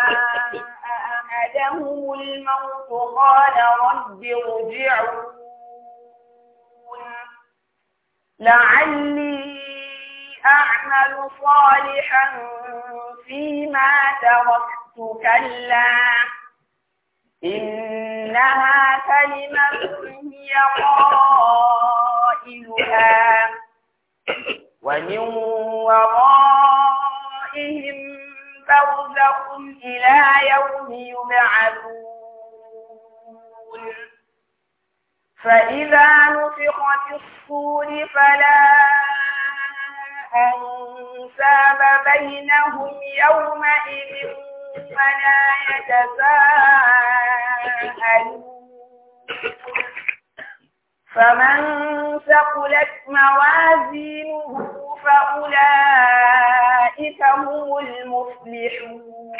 أمدهم الموت قال رب ارجعون لعلي أعمل صالحا فيما تركت كلا إنها كلمة هي قائلها ومن ورائهم برزخ إلى يوم يبعثون فإذا نفخ في الصور فلا أنساب بينهم يومئذ ولا يتساءلون فمن ثقلت موازينه فأولئك هم المفلحون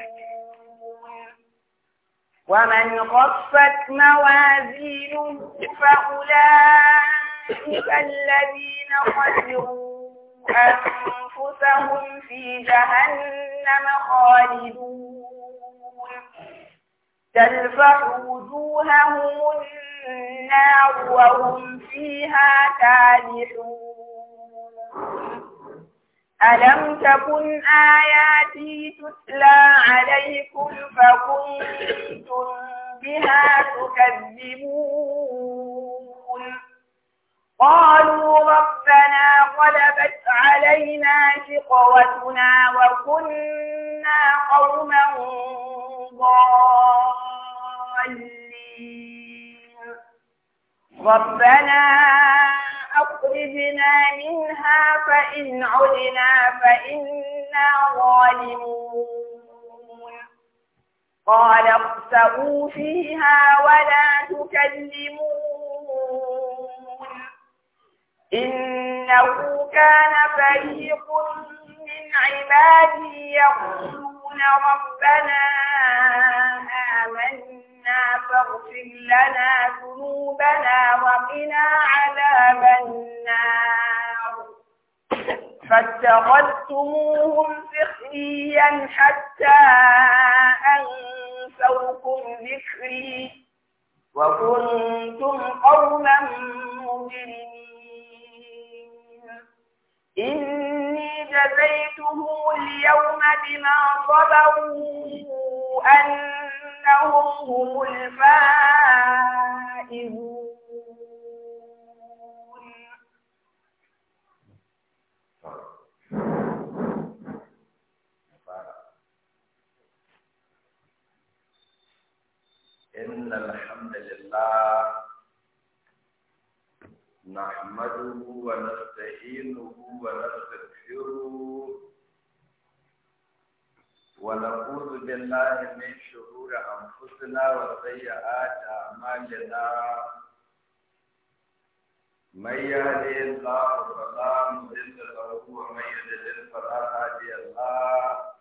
ومن خفت موازينه فأولئك الذين خسروا أنفسهم في جهنم خالدون تلفح وجوههم النار وهم فيها كالحون ألم تكن آياتي تتلى عليكم فكنتم بها تكذبون قالوا ربنا غلبت علينا شقوتنا وكنا قوما ضالين ربنا أخرجنا منها فإن عدنا فإنا ظالمون قال اخسئوا فيها ولا تكلمون إنه كان فريق من عبادي يقولون ربنا آمنا فاغفر لنا ذنوبنا وقنا عذاب النار فاتخذتموهم سخريا حتى أنسوكم ذكري وكنتم قوما مجرمين إني جزيتهم اليوم بما صبروا أنهم هم الفائزون إن الحمد لله نحمده ونستعينه ونستغفره ونعوذ بالله من شرور أنفسنا وسيئات أعمالنا من يهده الله فلا مضل له ومن يضلل فلا هادي الله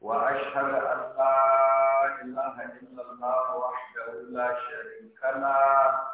وأشهد أن لا إله إلا الله وحده لا شريك له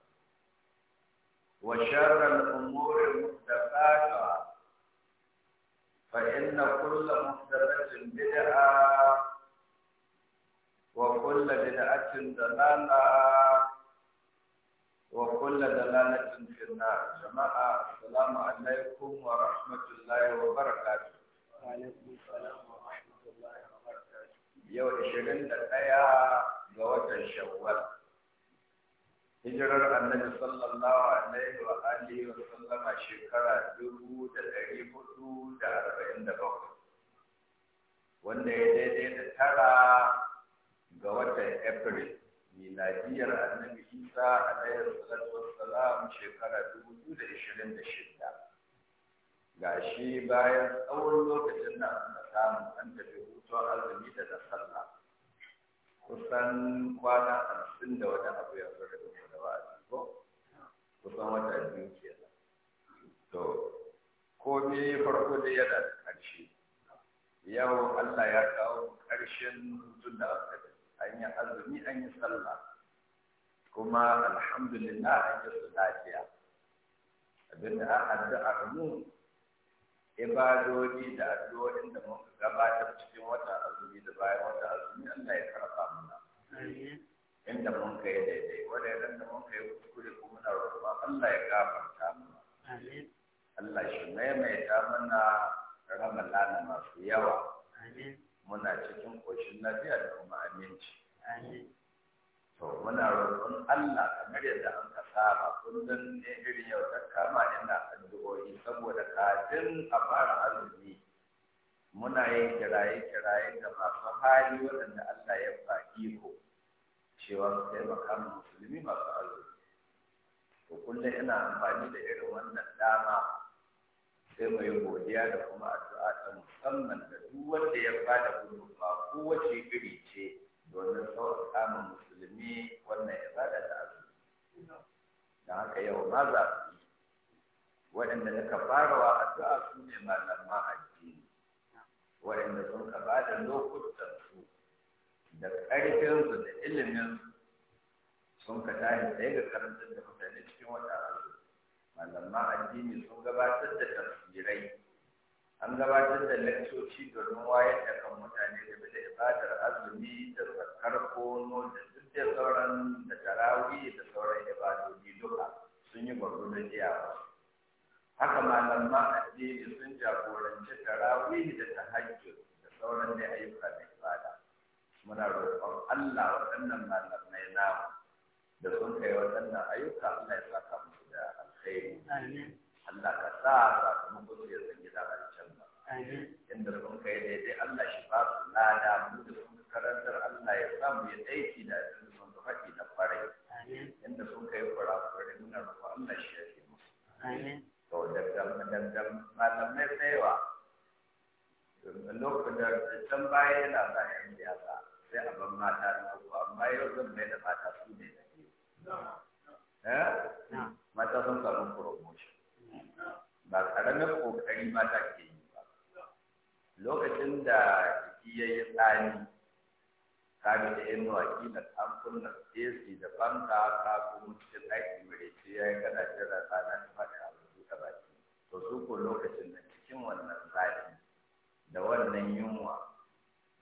وشر الأمور محدثاتها فإن كل محدثة بدعة وكل بدعة ضلالة وكل دلالة في النار جماعة السلام عليكم ورحمة الله وبركاته وعليكم السلام ورحمة الله وبركاته يوم 21 ga watan Shawwal hijirar annabi sallallahu alaihi wa alihi wa sallama shekara dubu da ɗari hudu da arba'in da bakwai wanda ya daidai da tara ga watan april miladiyar annabi isa alaihi salatu wassalam shekara dubu biyu da ishirin da shida ga shi bayan tsawon lokacin da aka samu an tafi hutuwar azumi da sallah kusan kwana hamsin da wani abu ya zura wa'azi ko kusan wata biyu kenan to komai farko dai yana da ƙarshe yau Allah ya kawo ƙarshen hutun da aka an yi azumi an yi sallah kuma alhamdulillah an yi su lafiya abinda an addu'ar mu ibadodi da addu'o'in da muka gabatar cikin wata azumi da bayan wata azumi Allah ya karɓa mana inda mun kai daidai wanda idan da mun kai kuskure ko muna ba Allah ya gafarta mana Allah shi maimaita mana ramalana masu yawa muna cikin koshin lafiya da kuma aminci to muna roƙon Allah kamar yadda an ka saba kullum ne irin yau ta kama ina addu'o'i saboda kafin a fara azumi muna yin kiraye kiraye da masu hali waɗanda Allah ya faɗi ko. cewa ka kai makamin musulmi masu azumi to kullum ina amfani da irin wannan dama sai mu yi godiya da kuma addu'a ta musamman da duk wanda ya bada gudunmawa kowace iri ce domin sauran kamun musulmi wannan ibada da arziki don haka yau ma za su yi waɗanda na farawa addu'a su ne malaman addini waɗanda sun ka ba da lokutan da ƙarfinsu da ilimin sun ka tashi sai ga karantar da mutane cikin wata malamma addini sun gabatar da tafsirai an gabatar da lakcoci domin wayar da kan mutane game da ibadar azumi da zakar kono da duk da sauran da tarawi da sauran ibadoji duka sun yi da iyawa haka malaman addini sun jagoranci tarawi da tahajjud da sauran da ayyuka ne muna roƙon Allah waɗannan malamai namu da sun kai waɗannan ayyuka Allah ya saka musu da alkhairi Allah ka sa sakamakon su ya zangi da rancen ba inda sun kai daidai Allah shi ba su lada mu da sun karantar Allah ya sa mu ya aiki da su sun faɗi da farai inda sun kai kurakurai muna roƙon Allah shi ya ce musu to daga na malamai tsayawa lokacin da can baya yana sa yan yasa. sai a ban mata na uku amma yau zan mai da mata su ne da biyu eh? mata sun samu promotion ba karamin kokari mata ke yi ba lokacin da jiki ya yi tsani kaga da yan mawaki na kamfun na ac da banka ka kuma cikin aiki mai ce ya yi kana jira tsada ta faɗi a rubutu ta baki to su ko lokacin da cikin wannan zafi da wannan yunwa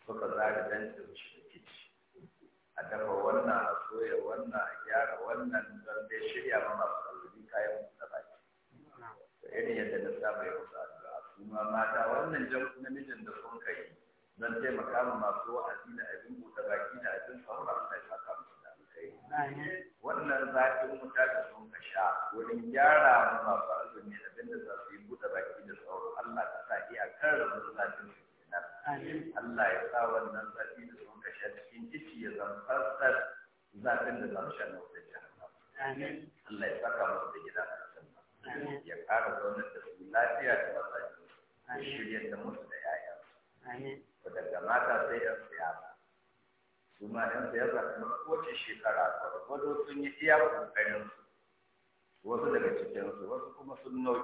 suka zaga dan su a dafa wannan a soya wannan a gyara wannan don dai shirya ma masu kayan musu baki to irin yadda na saba ya a addu'a su ma mata wannan jan namijin da sun kai don taimaka ma masu wa'azi da abin buɗe baki da abin saura kai saka musu da alkai wannan zafin wuta da sun ka sha wurin gyara ma masu siyasa kamar kowace shekara gwargwado sun yi iya ƙoƙarinsu wasu daga cikinsu wasu kuma sun nauyi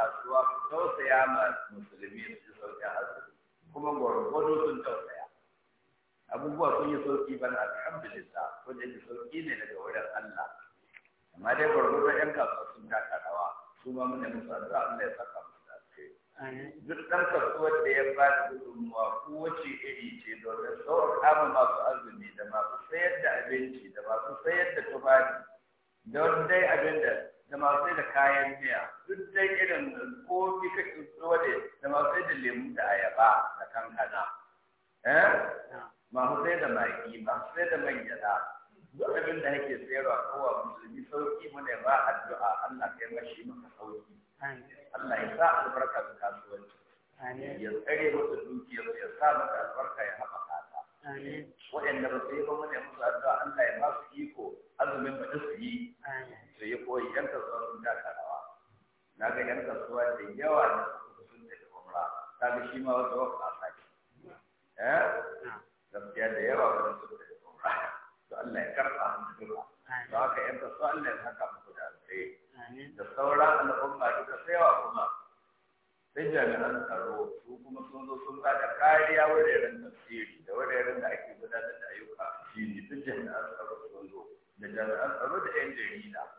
kasuwa ku tausaya ma musulmi su ji sauƙi azumi kuma gwargwado sun tausaya abubuwa sun yi sauƙi bana alhamdulillah ko da sauƙi ne daga wurin Allah amma dai gwargwado yan kasuwa sun taka rawa su ma muna musu addu'a Allah ya saka musu da duk ɗan kasuwar da ya ba da gudunmuwa kowace iri ce domin sauƙa ma masu azumi da masu sayar da abinci da masu sayar da tufafi don dai abin da da masu da kayan miya duk dai irin kofi ka tsoro da da masu da lemu da ayaba da kankana eh masu sai da magi masu sai da mangyada duk abin da yake sayarwa kowa musulmi sauki mu ne ba addu'a Allah kai mashi maka sauki Allah ya sa albarka ga kasuwanci ya tsare musu dukiyar ya sa maka albarka ya haɓaka ta waɗanda ba su yi ba mu ne musu addu'a Allah ya ba su iko azumin ba su yi su yi koyi yan kasuwa sun ta karawa na ga yan kasuwa da yawa na sun ta umra ta ga shi ma wata wata a sake eh gaskiya da yawa wani sun da umra to Allah ya karɓa mu ba to haka yan kasuwa Allah ya saka muku da alheri da sauran al'umma duka sai wa kuma sai jami'an tsaro su kuma sun zo sun ba da kariya wuraren tafsiri da wuraren da ake gudanar da ayyuka shi ne duk jami'an tsaro sun zo da jami'an tsaro da 'yan jarida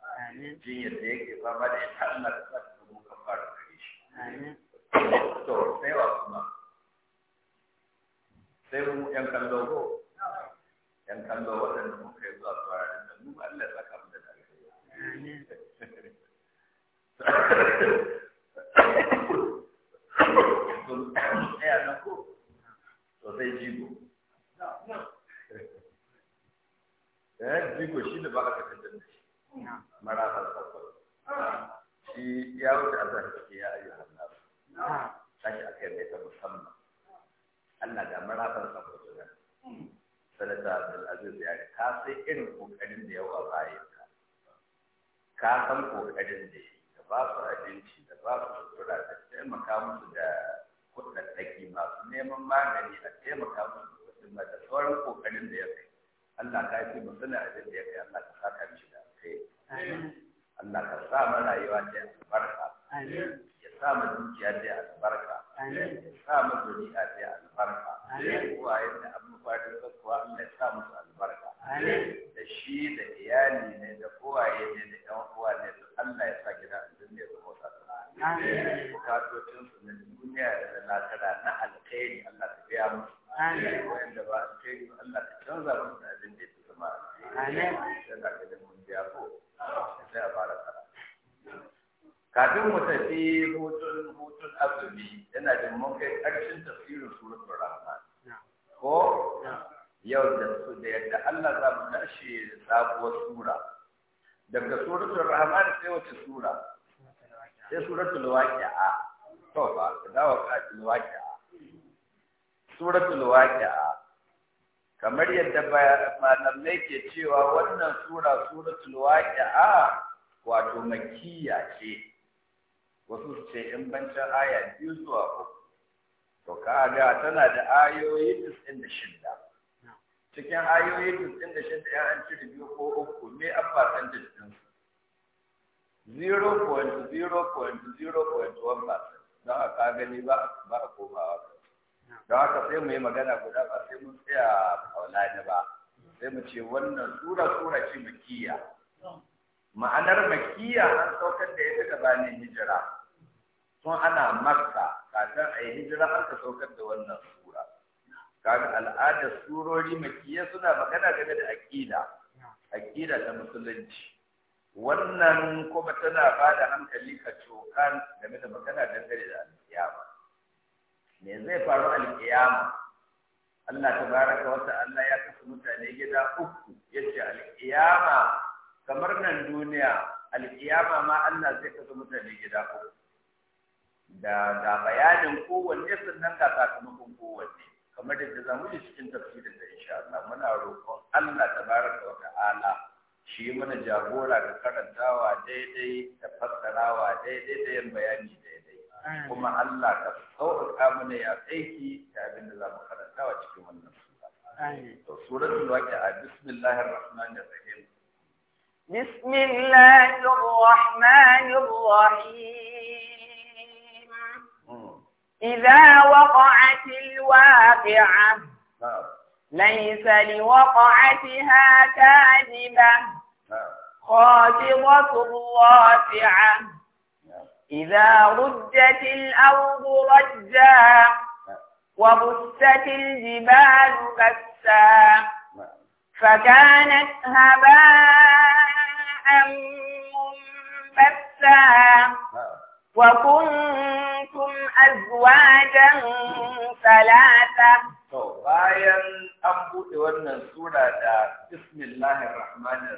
jinyar da yake fama da ita Allah ka sa ta zama kafara gare shi to sai wa kuma sai mu yan kallo ko yan kallo waɗanda muka yi zuwa tsara da mu Allah ya saka mu da alheri Amin. to sai jigo eh, jigo shi ne ba ka marahal shi ya wuce azhar ke ya ayu hanna tashi akai mai ta musamman Allah ga marahal sabon jira sanata Abdul Aziz ya ka sai irin kokarin da yawa bayan ka ka san da da ba su abinci da ba su sutura da taimaka musu da kuɗaɗɗaki masu neman magani da taimaka musu da sauran kokarin da ya kai Allah ka yi fi musana abin da ya kai Allah ka saka mishi alkhairi Allah ka sa mu rayuwa ta albarka ya sa mu dukiya ta albarka ya sa mu zuriya ta albarka uwayen da an mafarin kuwa Allah ya sa musu albarka da shi da iyali ne da uwaye ne da ƴan uwa ne su Allah ya sa gida a duniya su motsa su bukatocin su na duniya da na lakara na alkhairi Allah ka biya musu wanda ba alkhairi Allah ka canza musu abin da ya fi zama alkhairi gaskiya ko sai a fara kara kafin mu tafi hutun hutun azumi yana jin mun kai ƙarshen tafsirin suratul rahman ko yau da su da yadda Allah za mu tashi sabuwar sura daga suratul rahman sai wace sura sai suratul waqi'a to fa da waqi'a suratul waqi'a kamar yadda malamai ke cewa wannan sura suratul waqi'a wato makkiya ce wasu su ce in bancin aya biyu zuwa uku to kaga tana da ayoyi da shida. cikin ayoyi shida ya an cire biyu ko uku me abbasan one 0.0.0.1 don haka gani ba ba komawa da haka sai mu yi magana guda ba sai mun tsaya ne ba sai mu ce wannan sura sura ce makiya ma'anar makiya an saukar da ita gabanin hijira tun ana makka kafin a yi hijira an ka saukar da wannan sura kaga al'adar surori makiya suna magana game da aƙida aƙida ta musulunci wannan kuma tana ba da hankali ka cokan game da magana dangane da alƙiyama me zai faru alƙiyama Allah ta baraka wata Allah ya kasa mutane gida uku yace alƙiyama kamar nan duniya alƙiyama ma Allah zai kasa mutane gida uku da ga bayanin kowanne sannan ga sakamakon kowanne kamar da za mu ji cikin tafsirin da insha Allah muna roƙon Allah ta baraka wata ala shi mana jagora da karantawa daidai da fassarawa daidai da yin bayani da kuma Allah ka sauƙaƙa mana ya aiki da abin da za mu karanta wa cikin wannan sura. Suratul Waqi'a bismillahir rahmanir rahim. Bismillahir rahmanir rahim. Idza إذا وقعت ليس لوقعتها كاذبة خافضة رافعة إذا رجت الأرض رجا وبست الجبال بسا فكانت هباء منبسا وكنتم أزواجا ثلاثة bayan an buɗe wannan sura da bismillahir rahmanir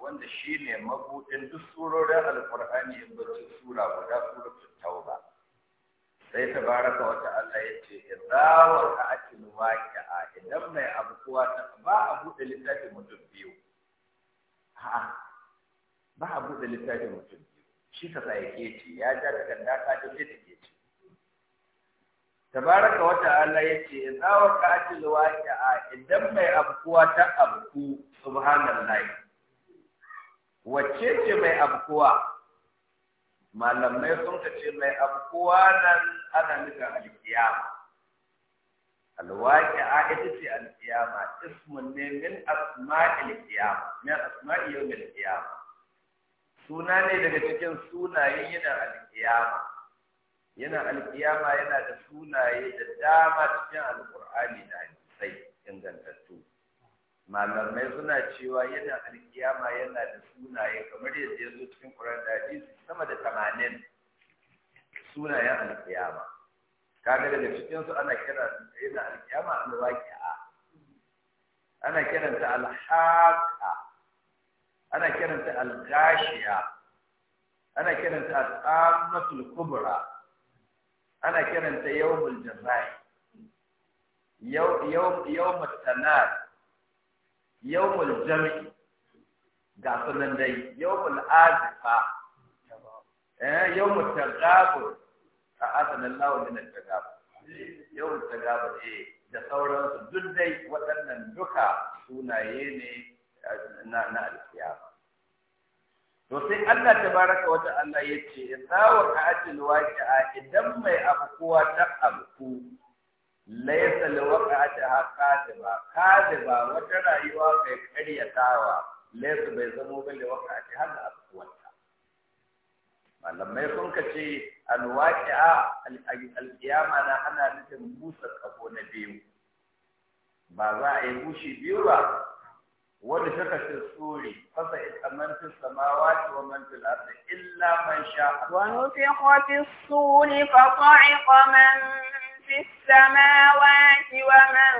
wanda shi ne mabuɗin duk surorin alkur'ani in su sura guda suratul ba. sai ta baraka wata Allah ya ce ake waqa'atil a idan mai abubuwa ta ba a buɗe littafin mutum biyu a'a ba a buɗe littafin mutum biyu shi ka sa ya ke ce ya ja takarda ka ta ce ke ce tabaraka wata Allah ya ce ake waqa'atil a idan mai abubuwa ta abu subhanallah wacce ce mai afkuwa malamai sun ka ce mai afkuwa nan ana nufin alkiyama alwaƙi a ita ce alkiyama ismun ne min asma'il kiyama min asma'il yawmil kiyama suna ne daga cikin sunayen yana alkiyama yana alkiyama yana da sunaye da dama cikin alkur'ani da hadisai ingantattu malamai suna cewa yana alkiyama yana da sunaye kamar yadda ya zo cikin ƙuran daji sama da tamanin sunayen alkiyama kaga daga cikinsu ana kira yana alkiyama a ana kiranta alhaka. ana kiranta algashiya ana kiranta al'ammatul kubra ana kiranta yawmul jazai yawmul tanad yawmul jam'i ga sunan dai yawmul azifa eh yawmul tagabur a asanin lawon min tagabur yawmul tagabur eh da sauransu duk dai waɗannan duka sunaye ne eh, na na alkiyama to sai Allah ta baraka tabaraka wa ta'ala yace idza wa ka'atil waqi'a idan mai afkuwa ta afku laisa liwaqa'atiha kadiba kadiba wata rayuwa kai karyatawa laisa bai zama ba liwaqa'atiha da aswata malamai sun kace alwaqi'a alqiyama na ana nufin busa kaho na biyu ba za a yi bushi biyu ba Wani suka ce tsuri fasa itamantin samawati wa mantil ardi illa man sha'a wa nufiqa fi suri fa ta'iqa في السماوات ومن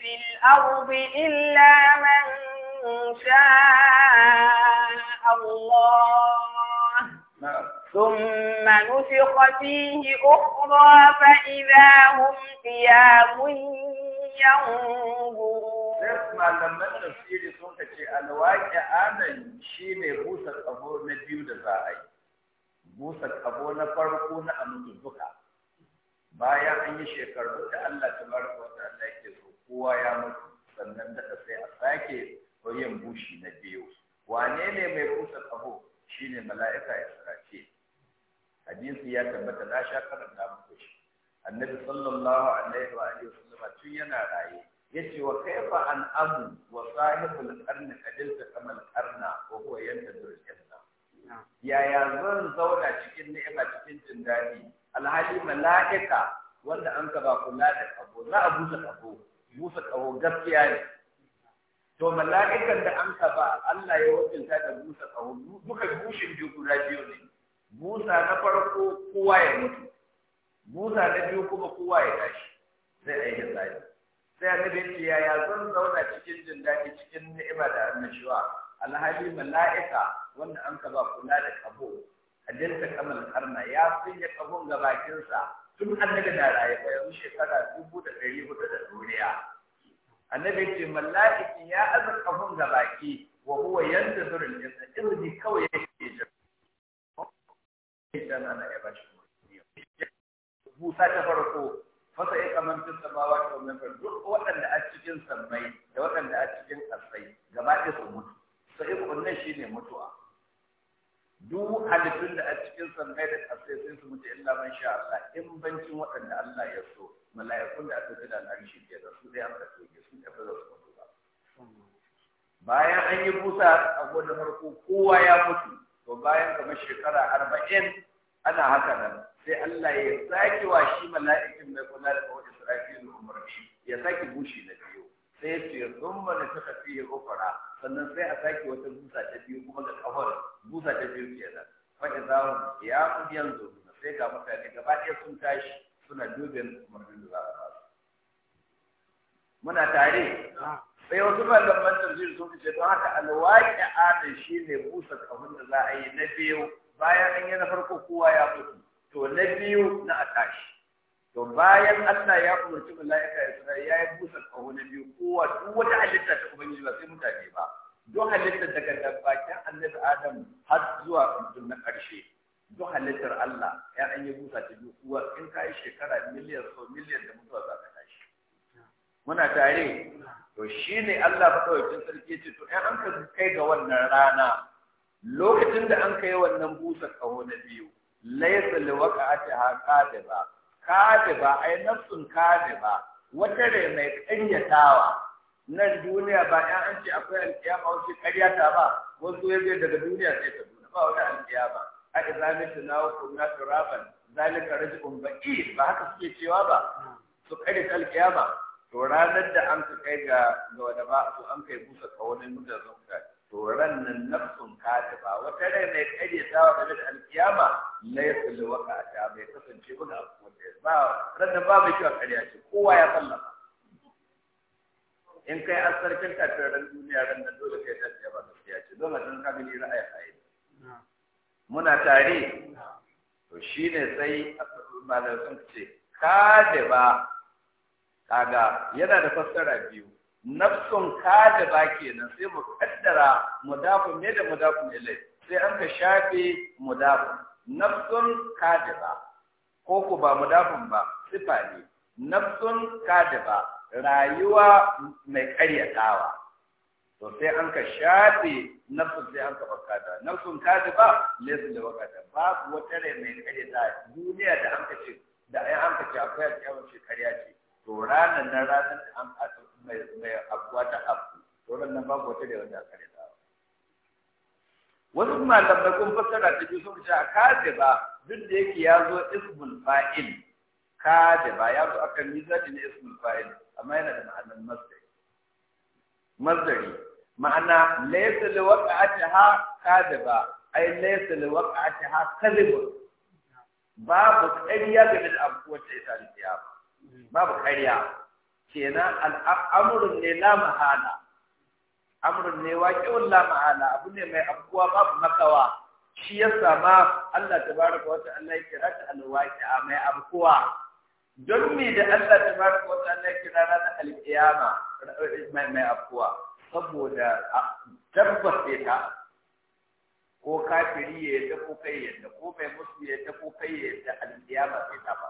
في الأرض إلا من شاء الله نعم. ثم نفق فيه أخرى فإذا هم قيام ينظرون. bayan an yi shekaru da Allah ta bar wata Allah yake so kowa ya mutu sannan daga sai a sake yin bushi na biyu wane ne mai busa kaho shine mala'ika ya Israfil hadisi ya tabbata na sha karanta muku shi annabi sallallahu alaihi wa alihi wasallam tun yana raye yace wa kaifa an abu wa sahibul qarni kadilta kamal qarna wa huwa yantadur janna yaya zan zauna cikin ni'ima cikin jin daɗi alhali mala'ika wanda an ka ba kula da kabo za a busa kabo busa kabo gaskiya ne to mala'ikan da an ka ba Allah ya wakilta da busa kabo duka gushin biyu guda biyu ne busa na farko kowa ya mutu busa na biyu kuma kowa ya tashi sai a yi hisabi sai annabi ya ce yaya zan zauna cikin jin daɗi cikin ni'ima da annashuwa alhali mala'ika wanda an ka ba kula da kabo halitta kamal karna ya sanya kahon ga bakinsa tun annabi na rayuwa yanzu shekara dubu da ɗari hudu da duniya annabi ce mallaki ya aza kahon ga baki wa huwa yanda zurin jinsa irji kawai yake jira jana na ya bashi busa ta farko fasa ya kamanta samawa ta wannan duk waɗanda a cikin sammai da waɗanda a cikin ƙasai gaba ɗaya su mutu sai kunnan shine mutuwa duk halittun da a cikin sammai da ƙasai sun su mutu illa man sha Allah in bancin waɗanda Allah ya so mala'ikun da aka ji da al'arshi ke da su dai an ka sun su da ba su mutu ba bayan an yi busa a gwada farko kowa ya mutu to bayan kamar shekara arba'in ana haka nan sai Allah ya sake wa shi mala'ikin mai kula da kawai da umarni ya sake bushi na biyu sai ya ce sun da suka fiye ukura sannan sai a sake wata busa ta biyu kuma ga kafar busa ta biyu kenan fa'in zamu ya mu biyan zo sai ga mutane gaba ɗaya sun tashi suna dubin umarnin da za a ba muna tare sai wasu malaman tafsir sun fice don haka alwaƙi adin shi ne busa kafin da za a yi na biyu bayan an yi na farko kowa ya mutu to na biyu na a tashi to bayan Allah ya umarci mala'ika Isra'ila ya busa kaho na biyu kowa duk wata halitta ta ubangiji ba sai mutane ba duk halittar daga dabbakin annabi Adam har zuwa mutum na ƙarshe duk halittar Allah ya an yi busa ta biyu kowa in yi shekara miliyan so miliyan da mutuwa za ka tashi muna tare to shine Allah tun sarki ce to in an ka kai ga wannan rana lokacin da an kai wannan busa kaho na biyu haka liwaqa'atiha ba. kadiba ai nafsun kadiba wata ne mai kanyatawa. nan duniya ba ya an ce akwai alkiyama karya ta ba wasu yaje daga duniya sai ta duna ba wani alkiyama a izamitu na hukum na turaban zalika rajulun ba'i ba haka suke cewa ba su ƙaryata alkiyama to ranar da an kai ga ga wanda ba to an kai busa kaunin mutan zuwa to ran nan nafsun kadiba wata re mai ƙaryatawa Na alkiyama laysa liwaka ta mai kasance kuna ga ba ranar ba mai kyau ƙarya ce kowa ya sallama in kai asarkin kafiran duniya ran da dole kai ta ba gaskiya ce dole dan ka gani ra'ayi kai muna tare to shine sai malamai sun ce da ba kaga yana da fassara biyu nafsun ka da ba kenan sai mu kaddara mudafun ne da mudafun ilai sai an ka shafe mudafun nafsun ka da ba ko ku ba mudafin ba sifa ne nafsun kadiba rayuwa mai karyatawa to sai an ka shafe nafsu sai an ka bakata nafsun kadiba laysa da wakata babu wata rai mai karyata duniya da an ka ce da ai an ka ce akwai alƙawarin ce karya ce to ranar nan ranar da an ka mai mai abuwa ta abu to ranar babu wata rai wanda karyatawa wasu malamai kun fassara ta biyu sun ce a kadiba duk da yake ya zo ismul fa'il da ba ya zo akan mizaji na ismul fa'il amma yana da ma'anar masdari masdari ma'ana laysa li waqa'atiha da ba ai laysa li waqa'atiha kalibun babu kariya game da abuwa ta ita alƙiya babu ƙarya kenan al'amurin ne la mahala amrun ne waqi'un la mahala abu ne mai abuwa babu makawa shi ya sama Allah tabaraka wata Allah ya kira ta a mai abkuwa don me da Allah bari wata Allah ya kira ranar alkiyama mai mai abkuwa saboda tabbata ta ko kafiri ya yadda ko kai yadda ko mai musu ya yadda ko kai yadda alkiyama sai ta ba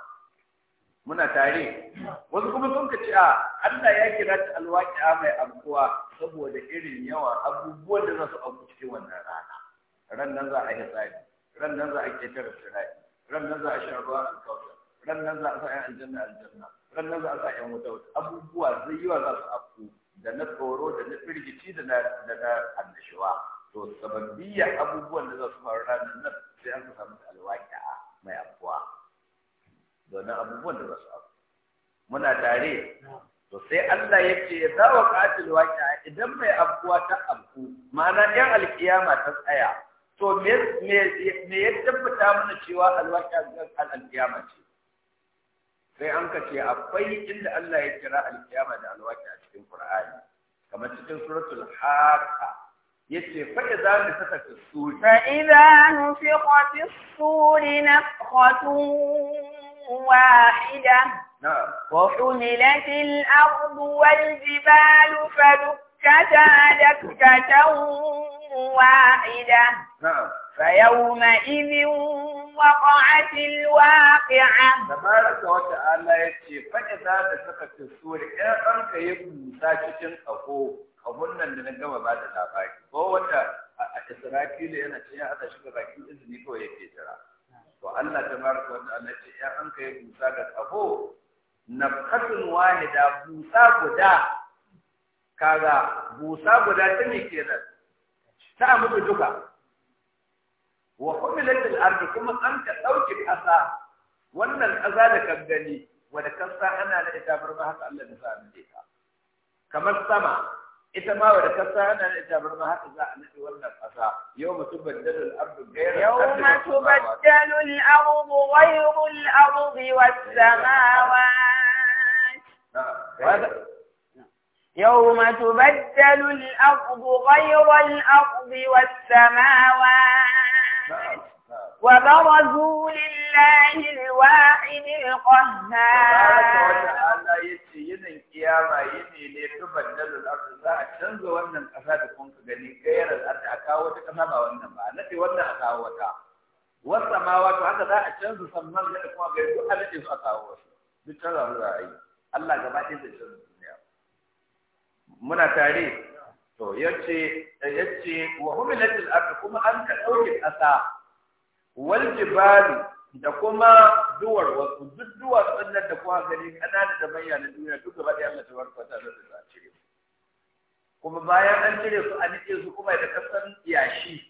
muna tare wasu kuma sun ka ce a Allah ya kira ta a mai abkuwa saboda irin yawan abubuwan da za su abu cikin wannan rana ran nan za a yi tsari ran nan za a ketare tsirai ran nan za a shan ruwa a kauta ran nan za a sa 'yan aljanna aljanna ran nan za a sa 'yan wuta wuta abubuwa zai yi wa za su afku da na tsoro da na firgici da na da na annashuwa to sababbiya abubuwan da za su faru ranar nan sai an samu alwaƙi'a mai afuwa don abubuwan da za su afku muna tare to sai Allah ya ce ya dawo katil waƙi'a idan mai afkuwa ta afku ma'ana yan alkiyama ta tsaya to me ya tabbata mana cewa alwaƙa al'alƙiyama ce sai an ka ce akwai inda Allah ya kira alƙiyama da alwaƙa a cikin Qur'ani kamar cikin suratul Haqa yace fa idza nufiqa fi-sur fa idza nufiqa fi-sur nafkhatun واحدة نعم وحملت الأرض والجبال فدكت كتادك واحدة فيومئذ وقعت الواقعة تبارك وتعالى يتشي فإذا دسكت السور إن أنك يبني ساكتين أخوه abun nan da na gama ba da labari ko wanda yana ce ya haɗa ga bakin izini ko yake jira to Allah tabaraka wa ta'ala ya nafkatun busa guda kaga busa guda ta ne kenan ta mutu duka wa humilat al-ard kuma an ka dauki ƙasa wannan ƙasa da kan gani wanda kan sa ana da ita barba haka Allah ya sa mu ta kamar sama ita ma wa da kasa ana da ita barba haka za a nadi wannan ƙasa yawma tubaddalu al-ard ghayra yawma tubaddalu al-ard ghayra al-ard was-samawati يوم تبدل الأرض غير الأرض والسماوات وبرزوا لله الواحد القهار yinin kiyama yini ne tubaddalul ardu za a canza wannan ƙasa da kun gani gairar a kawo wata ƙasa wannan ba wannan a kawo wata haka za a canza kuma su a kawo wasu duk Allah gaba canza muna tare to yace yace wa al ard kuma an ka dauke ƙasa wal jibal da kuma duwar wasu duk duwatsun nan da kuma gani kana da manya na duniya duk gaba ɗaya Allah tabaraka da cire kuma bayan an cire su an cire su kuma da kasan yashi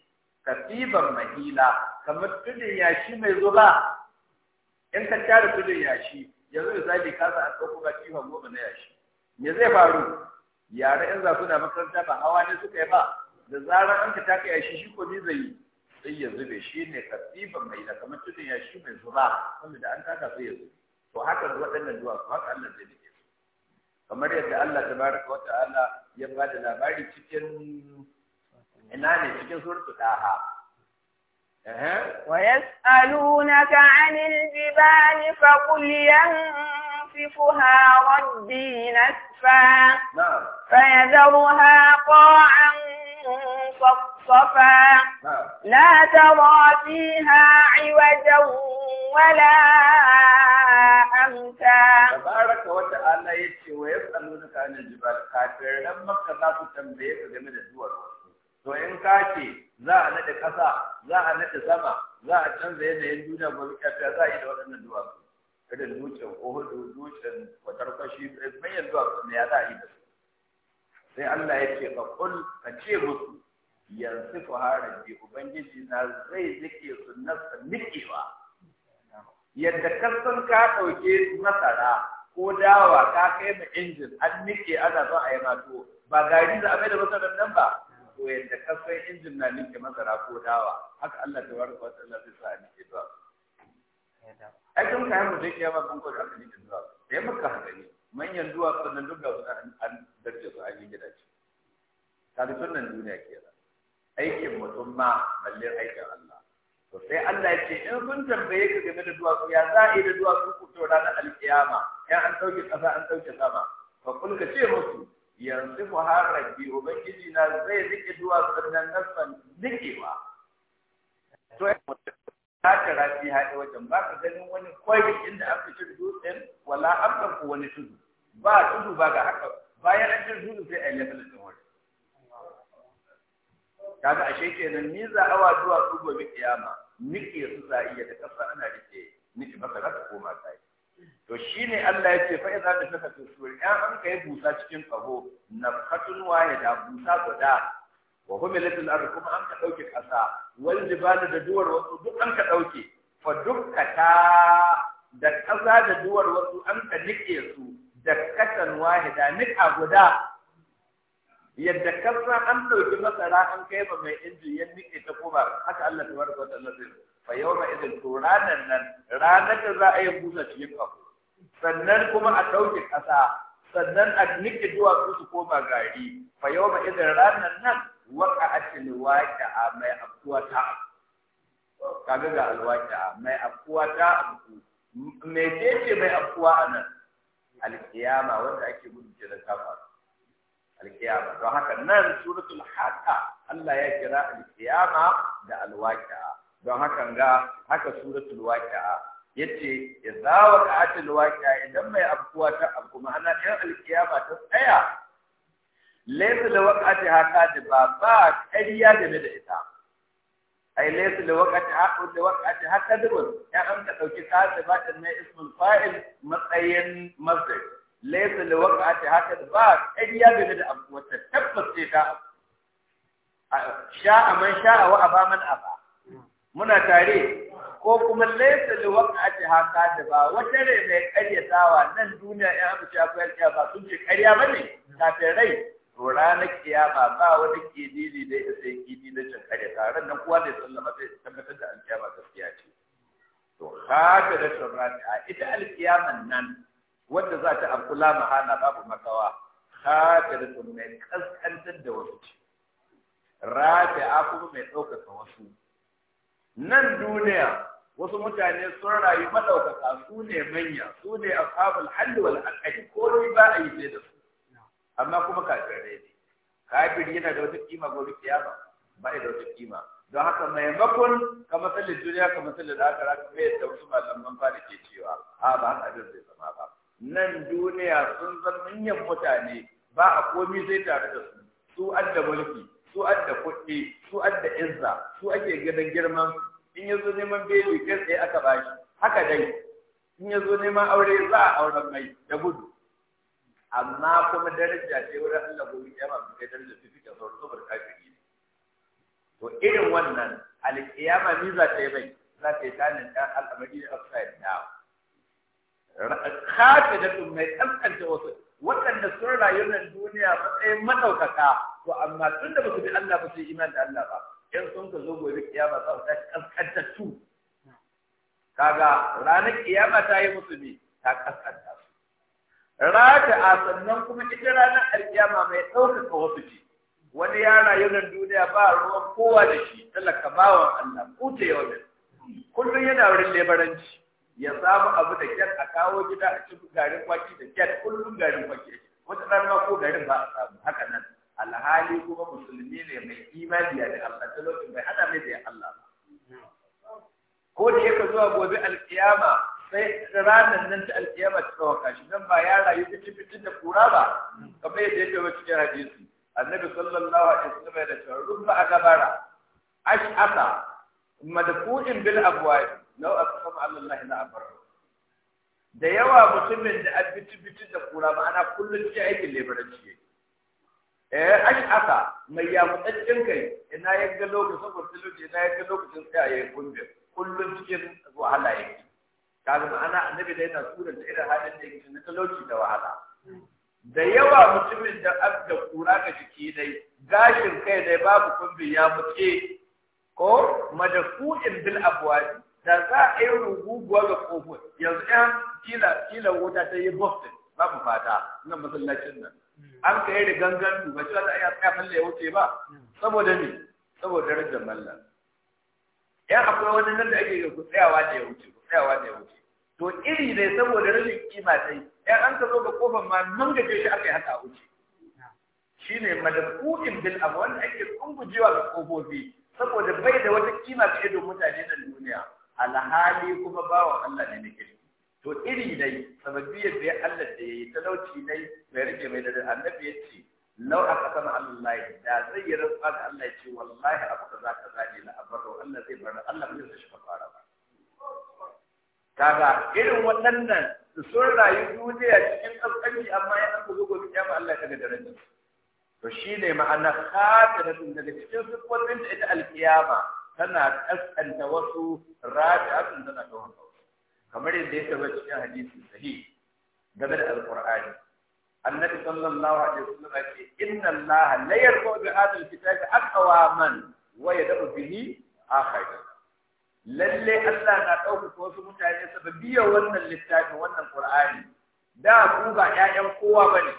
katiban mahila kamar tudun yashi mai zuba in ka tare kudin yashi yanzu zai ka sa a ɗauko ba kifa goma na yashi me zai faru yare in za su da makaranta ba hawa ne suka yi ba da zarar an ka taka yashi shi ko ni zai sai ya zube shi ne kasiban mai da kamar tudun yashi mai zuba wanda da an taka sai ya zube to haka waɗannan duwatsu haka Allah zai dake su kamar yadda Allah ta tabaraka wa ta'ala ya ba da labari cikin ina ne cikin suratul daha ويسألونك عن الجبال فقل ينبغي يصفها ربي نسفا نعم. فيذرها قاعا صفصفا نعم. لا ترى فيها عوجا ولا أمتا تبارك وتعالى يتي ويسألونك عن الجبال كافر لما كذا تنبيه فجمد الدول to in ka ce za a naɗe ƙasa za a naɗe sama za a canza yanayin duniya gobe za a yi da waɗannan duwatsu irin dutsen ohudu dutsen kwatarkwashi mai yanzu a ya za a yi da su sai Allah ya ce ka kul ka ce musu yanzu ku hara ji ubangiji na zai zike su nasa nikewa yadda kasan ka ɗauke masara ko dawa ka kai ma injin an nike ana son a yi mato ba gari a mai da masarar nan ba Ko yadda kasan injin na nike masara ko dawa haka Allah ta warka wata Allah zai sa a nike ba ai kun kayan mu da kiyama kun ko da kan yi zuwa sai muka haka ne manyan zuwa sannan duk da an darje su an yi gidaje kaga sunan duniya kenan aikin mutum ma balle aikin Allah to sai Allah ya ce in kun tambaye ka game da duwatsu ya za a yi da duwatsu ku to ranar alkiyama ya an ɗauke ƙasa an ɗauke sama fa kun ka ce musu yanzu ku har rabbi ubangiji na zai rike duwatsun nan nasfan dikewa to ya haka rafi haɗe wajen ba ka ganin wani kwaye inda an fi cin dutsen wala an ko wani tudu ba tudu ba ga haka bayan an cin tudu sai a yi lafiya da wani kaga ashe kenan ni za awa zuwa su gobe kiyama nike su za iya da kasa ana rike ba ka za ta koma sai to shine Allah ya ce fa ta saka fi ƴan an ka yi busa cikin kaho ya da busa guda wa humilat al-ard kuma an ka dauke kasa wal jibal da duwar wasu duk an ka dauke fa ta, da kasa da duwar wasu an ka nike su da katan wahida nika guda yadda kasa an dauki masara an kai ba mai inji ya nike ta kuma haka Allah tabaraka wa ta'ala zai fa yawma idin to ranan nan ranar da za a yi busa cikin kafu sannan kuma a dauke kasa sannan a nike duwatsu su koma gari fa yawma idin ranan nan waka atil waqi'a mai afkuwa ta kaga ga alwaqi'a mai afkuwa ta me ce mai afkuwa anan alkiyama wanda ake gudu ce da kafa alkiyama don haka nan suratul haqa Allah ya kira alkiyama da alwaqi'a don haka ga haka suratul waqi'a yace idza waqa'atil waqi'a idan mai afkuwa ta abu. ma'ana ɗan alkiyama ta tsaya laysa da waqati haka ba ba da game da ita ai laysa da waqati haka da waqati haka da ya an ka dauki ba din mai ismul fa'il matsayin mazdar laysa da waqati haka ba ƙarya game da abu wata tabbas ce ta sha'a man sha'a wa aba man aba muna tare ko kuma laysa da wakati haka da ba wata rai mai karyatawa nan duniya ya amince akwai alƙiya ba sun ce ba bane kafin rai to ranar kiyama ba wani kidini da ya sai kidi na cin kare taron nan kuwa ne sallama zai tabbatar da alkiyama gaskiya ce to haka da shirrani a ita alkiyaman nan wanda za ta abkula mahana babu makawa haka da sun mai kaskantar da wasu ce a kuma mai ɗaukaka wasu nan duniya wasu mutane sun rayu maɗaukaka su ne manya su ne ashabul halli wal aqli ko ba a yi da su amma kuma kafirai ne kafiri yana da wata kima gobe kiyama ba da wata kima don haka maimakon ka matsalin duniya ka matsalin da aka raka mai da wasu malaman fara ke cewa a ba haka abin zai zama ba nan duniya sun zan manyan mutane ba a komi zai tare da su su adda mulki su adda kuɗi su adda izza su ake ganin girman in ya zo neman beli kai tsaye aka bashi haka dai in ya zo neman aure za a auren mai da gudu amma kuma daraja ce wurin Allah gobe kiyama ba kai daraja fifi da sauran zubar kafiri to irin wannan alƙiyama ni za ta yi bai za ta yi tanin dan al'amari da upside da tun mai tsantsanta wasu waɗanda sun rayu nan duniya matsayin madaukaka to amma tun da ba su bi Allah ba su yi iman da Allah ba in sun ka zo gobe kiyama za su ta kaskanta su kaga ranar kiyama ta yi musu ne ta kaskanta rata a sannan kuma ita ranar alkiyama mai ɗaukaka wasu ce wani ya rayu duniya ba ruwan kowa da shi talaka bawan Allah kuta yau da kullum yana wurin lebaranci ya samu abu da kyan a kawo gida a cikin garin kwaki da kyan kullum garin kwaki wata rana ko garin ba a samu haka nan alhali kuma musulmi ne mai imani da Allah ta lokacin bai hada mai da Allah ba ko da yake zuwa gobe alkiyama sai ranar nan ta alƙiyama ta tsawaka shi nan ba ya rayu cikin fitin da kura ba kamar yadda ya tabbata cikin hadisi annabi sallallahu alaihi wasallam ya ce rubba akbara ash'asa madfu'in bil abwab law aqsama ala allah la abara da yawa mutumin da abiti biti da kura ba ana kullun ci aikin lebaranci yake eh asa, mai yamutsaccen kai ina ya ga lokacin saboda lokacin ina ya ga lokacin sai ya yi kullun cikin wahala yake kaga ma'ana annabi da yana da irin halin da yake na talauci da wahala da yawa mutumin da abda kura ga jiki dai gashin kai dai babu kumbi ya muke ko madafu'in bil abwaji da za a yi ruguguwa ga kofar yanzu ɗan kila kila wuta ta yi bofin babu fata nan masallacin nan an kai da gangan ba shi za a yi tsaya falle ya wuce ba saboda ne saboda rajin mallan yan akwai wani nan da ake ga tsayawa da ya wuce tsayawa ne wuce to iri ne saboda rashin kima dai ɗan an ka zo ga kofar ma nan gaje shi aka yi haka a wuce shine madafu'in bil abu wanda ake kungujewa ga kofofi saboda bai da wata kima fiye da mutane na duniya alhali kuma bawa Allah ne nake to iri dai sababiyar da ya Allah da yayi talauci dai mai rike mai da annabi ya ce law aqsama Allah da zai rantsa da Allah ya ce wallahi abu kaza kaza ne la abaru Allah zai bar Allah ne zai shi fara kaga irin su sun rayu duniya cikin tsantsanci, amma ya ɗan zo gobe kiyama Allah ya ga daraja to shine ma'ana khatiratun daga cikin sifofin da ita alkiyama tana kaskanta wasu rabi'atun tana kawai kamar yadda ya tabbata cikin hadisi sahih game da alqur'ani annabi sallallahu alaihi wasallam ya ce inna Allah la yarfa bi hadal kitabi aqwaman wa yad'u bihi akharin lalle Allah na ɗaukaka wasu mutane saba biya wannan littafi wannan Qur'ani da ku ba ƴaƴan kowa bane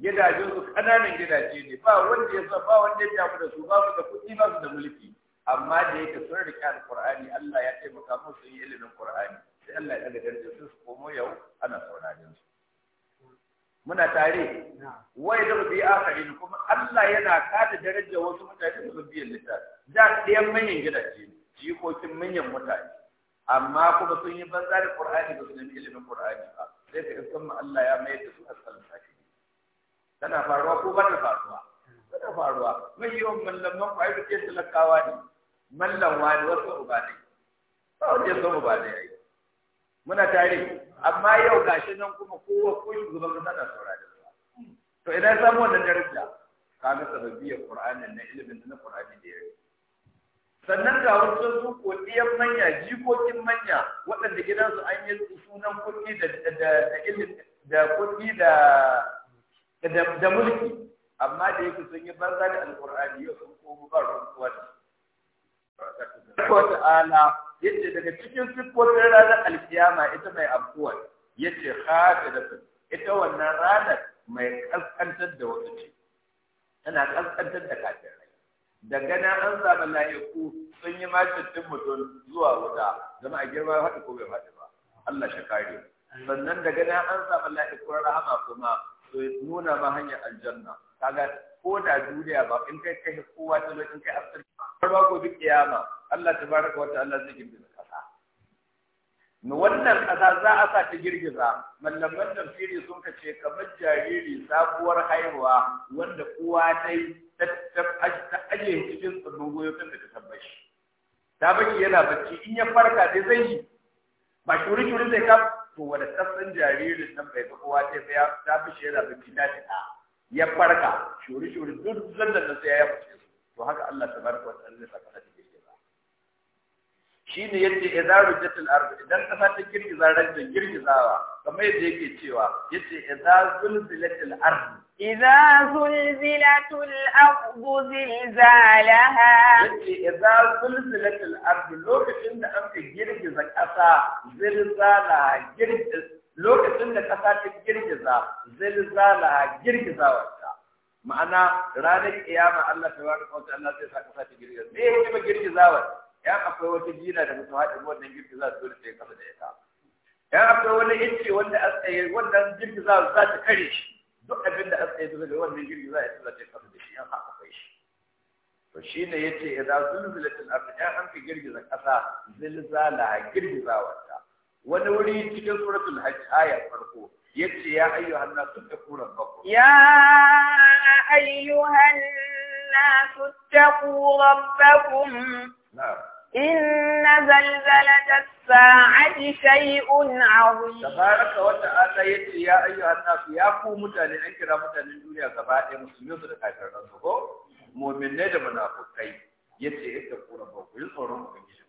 gidajen su kananan gidaje ne ba wanda ya ba wanda ya damu da su ba su da kuɗi ba su da mulki amma da yake sun riƙe Qur'ani Allah ya taimaka musu yi ilimin Qur'ani sai Allah ya daga darajar su su komo yau ana sauraron su muna tare wai da bi akhirin kuma Allah yana kada darajar wasu mutane su biyan littafi da ɗayan manyan gidaje ne jikokin manyan mutane amma kuma sun yi banza da qur'ani ba su nemi ilimin qur'ani ba sai ka san Allah ya mayar da su asalin tashi tana faruwa ko ba ta faruwa tana faruwa mai yawan mallaman ku aiki ke talakawa ne mallan wani wasu uba ne ba wanda ya san uba ne muna tare amma yau gashi nan kuma kowa ko shugaban kasa na saurare to idan samu wannan daraja ka ga sababiyar qur'anin na ilimin na qur'ani da yake sannan ga wasu su kodiyan manya jikokin manya waɗanda gidansu an yi sunan kuɗi da da kuɗi da da mulki amma da yake sun yi banza da alƙur'ani yau sun komo ba ruwan kuwa al'a yace daga cikin sifofin ranar alkiyama ita mai abuwa yace haka da ita wannan ranar mai kaskantar da wata ce tana kaskantar da kafirai Da gana an sa mala'iku sun yi mashin mutum zuwa wuta zama a girma ya haɗu ko bai faɗi ba Allah shi kare sannan da gana an sa mala'iku rahama kuma su nuna ma hanyar aljanna kaga ko da duniya ba in kai kai kowa ta in kai asir har ba gobe kiyama Allah tabaraka wata Allah zai da kasa mu wannan kasa za a sa ta girgiza mallaman tafsiri sun kace kamar jariri sabuwar haihuwa wanda kowa ta yi ta ajiye cikin tsallon goyotin da ta tabbashi ta baki yana bacci in ya farka dai zai yi ba shuri shuri zai kam to wanda kasan jaririn nan bai ga kowa sai ya ta bishi yana bacci ta ta ah, ya farka shuri shuri duk zannan da sai ya fice to haka Allah tabaraka wa ta'ala ya saka ta cikin ba shine yace idza rujatil ardu idan kasa ta girgiza ran girgizawa kamar yadda yake cewa yace idza zulzilatil ard idza zulzilatil ard zilzalaha yace idza zulzilatil ard lokacin da aka girgiza kasa zilzala girgiza lokacin da kasa ta girgiza zilzala wata ma'ana ranar kiyama Allah ta wani kawai Allah zai sa kasa ta girgiza me yake ba girgizawar ya akwai wata jina da mutum haɗin wannan girgiza dole sai kasa da ita ya akwai wani ice wanda a tsaye wannan jirgi za ta kare shi duk abin da a tsaye zuwa da wannan jirgi za a yi ta kasa da shi yan haka kai shi to shi ne ya ce idan zulzulatin arzi ɗan an fi girgiza ƙasa zilzala girgizawarta wani wuri cikin suratul hajj ayar farko yace ya ayyuhan nasu taqu rabbakum ya ayyuhan nasu taqu rabbakum na'am Inna zalzalata sa’adi shayi un ahu. Da fara wata aka yi ce ya ayyu hannu su ya ku mutane an kira mutanen duniya gaba ɗaya musulmi su da kafin ran su ko mumin ne da munafukai ya ce ya ta kura ku yi tsoron ubangiji.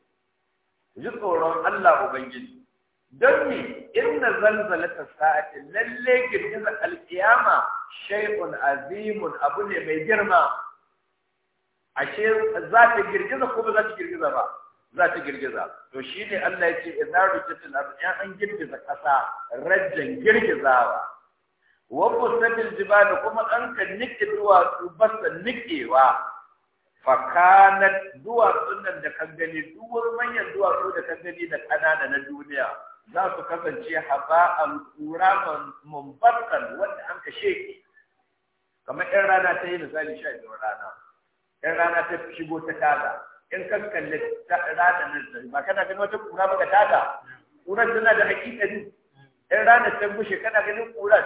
Ku yi tsoron Allah ubangiji. Don me inna zalzalata sa’adi lalle girgiza alƙiyama shayi azimun abu ne mai girma. ashe za ta girgiza ko ba za ta girgiza ba za ta girgiza to shi ne Allah ya ce idza rujatil ya an girgiza ƙasa rajjan girgizawa wa busatil da kuma an ka nike duwatsu basta nikewa fa kanat nan da kan gani duwar manyan duwatsu da kan gani da ƙanana na duniya za su kasance haba'an turaman mumbattan wanda an kashe kamar 'yan rana ta yi misali sha biyar rana in rana ta shigo ta tada. in ka kalli rana nan sai ba kana ganin wata kura ba ka taga kuran tana da hakikani in rana ta bushe kana ganin kuran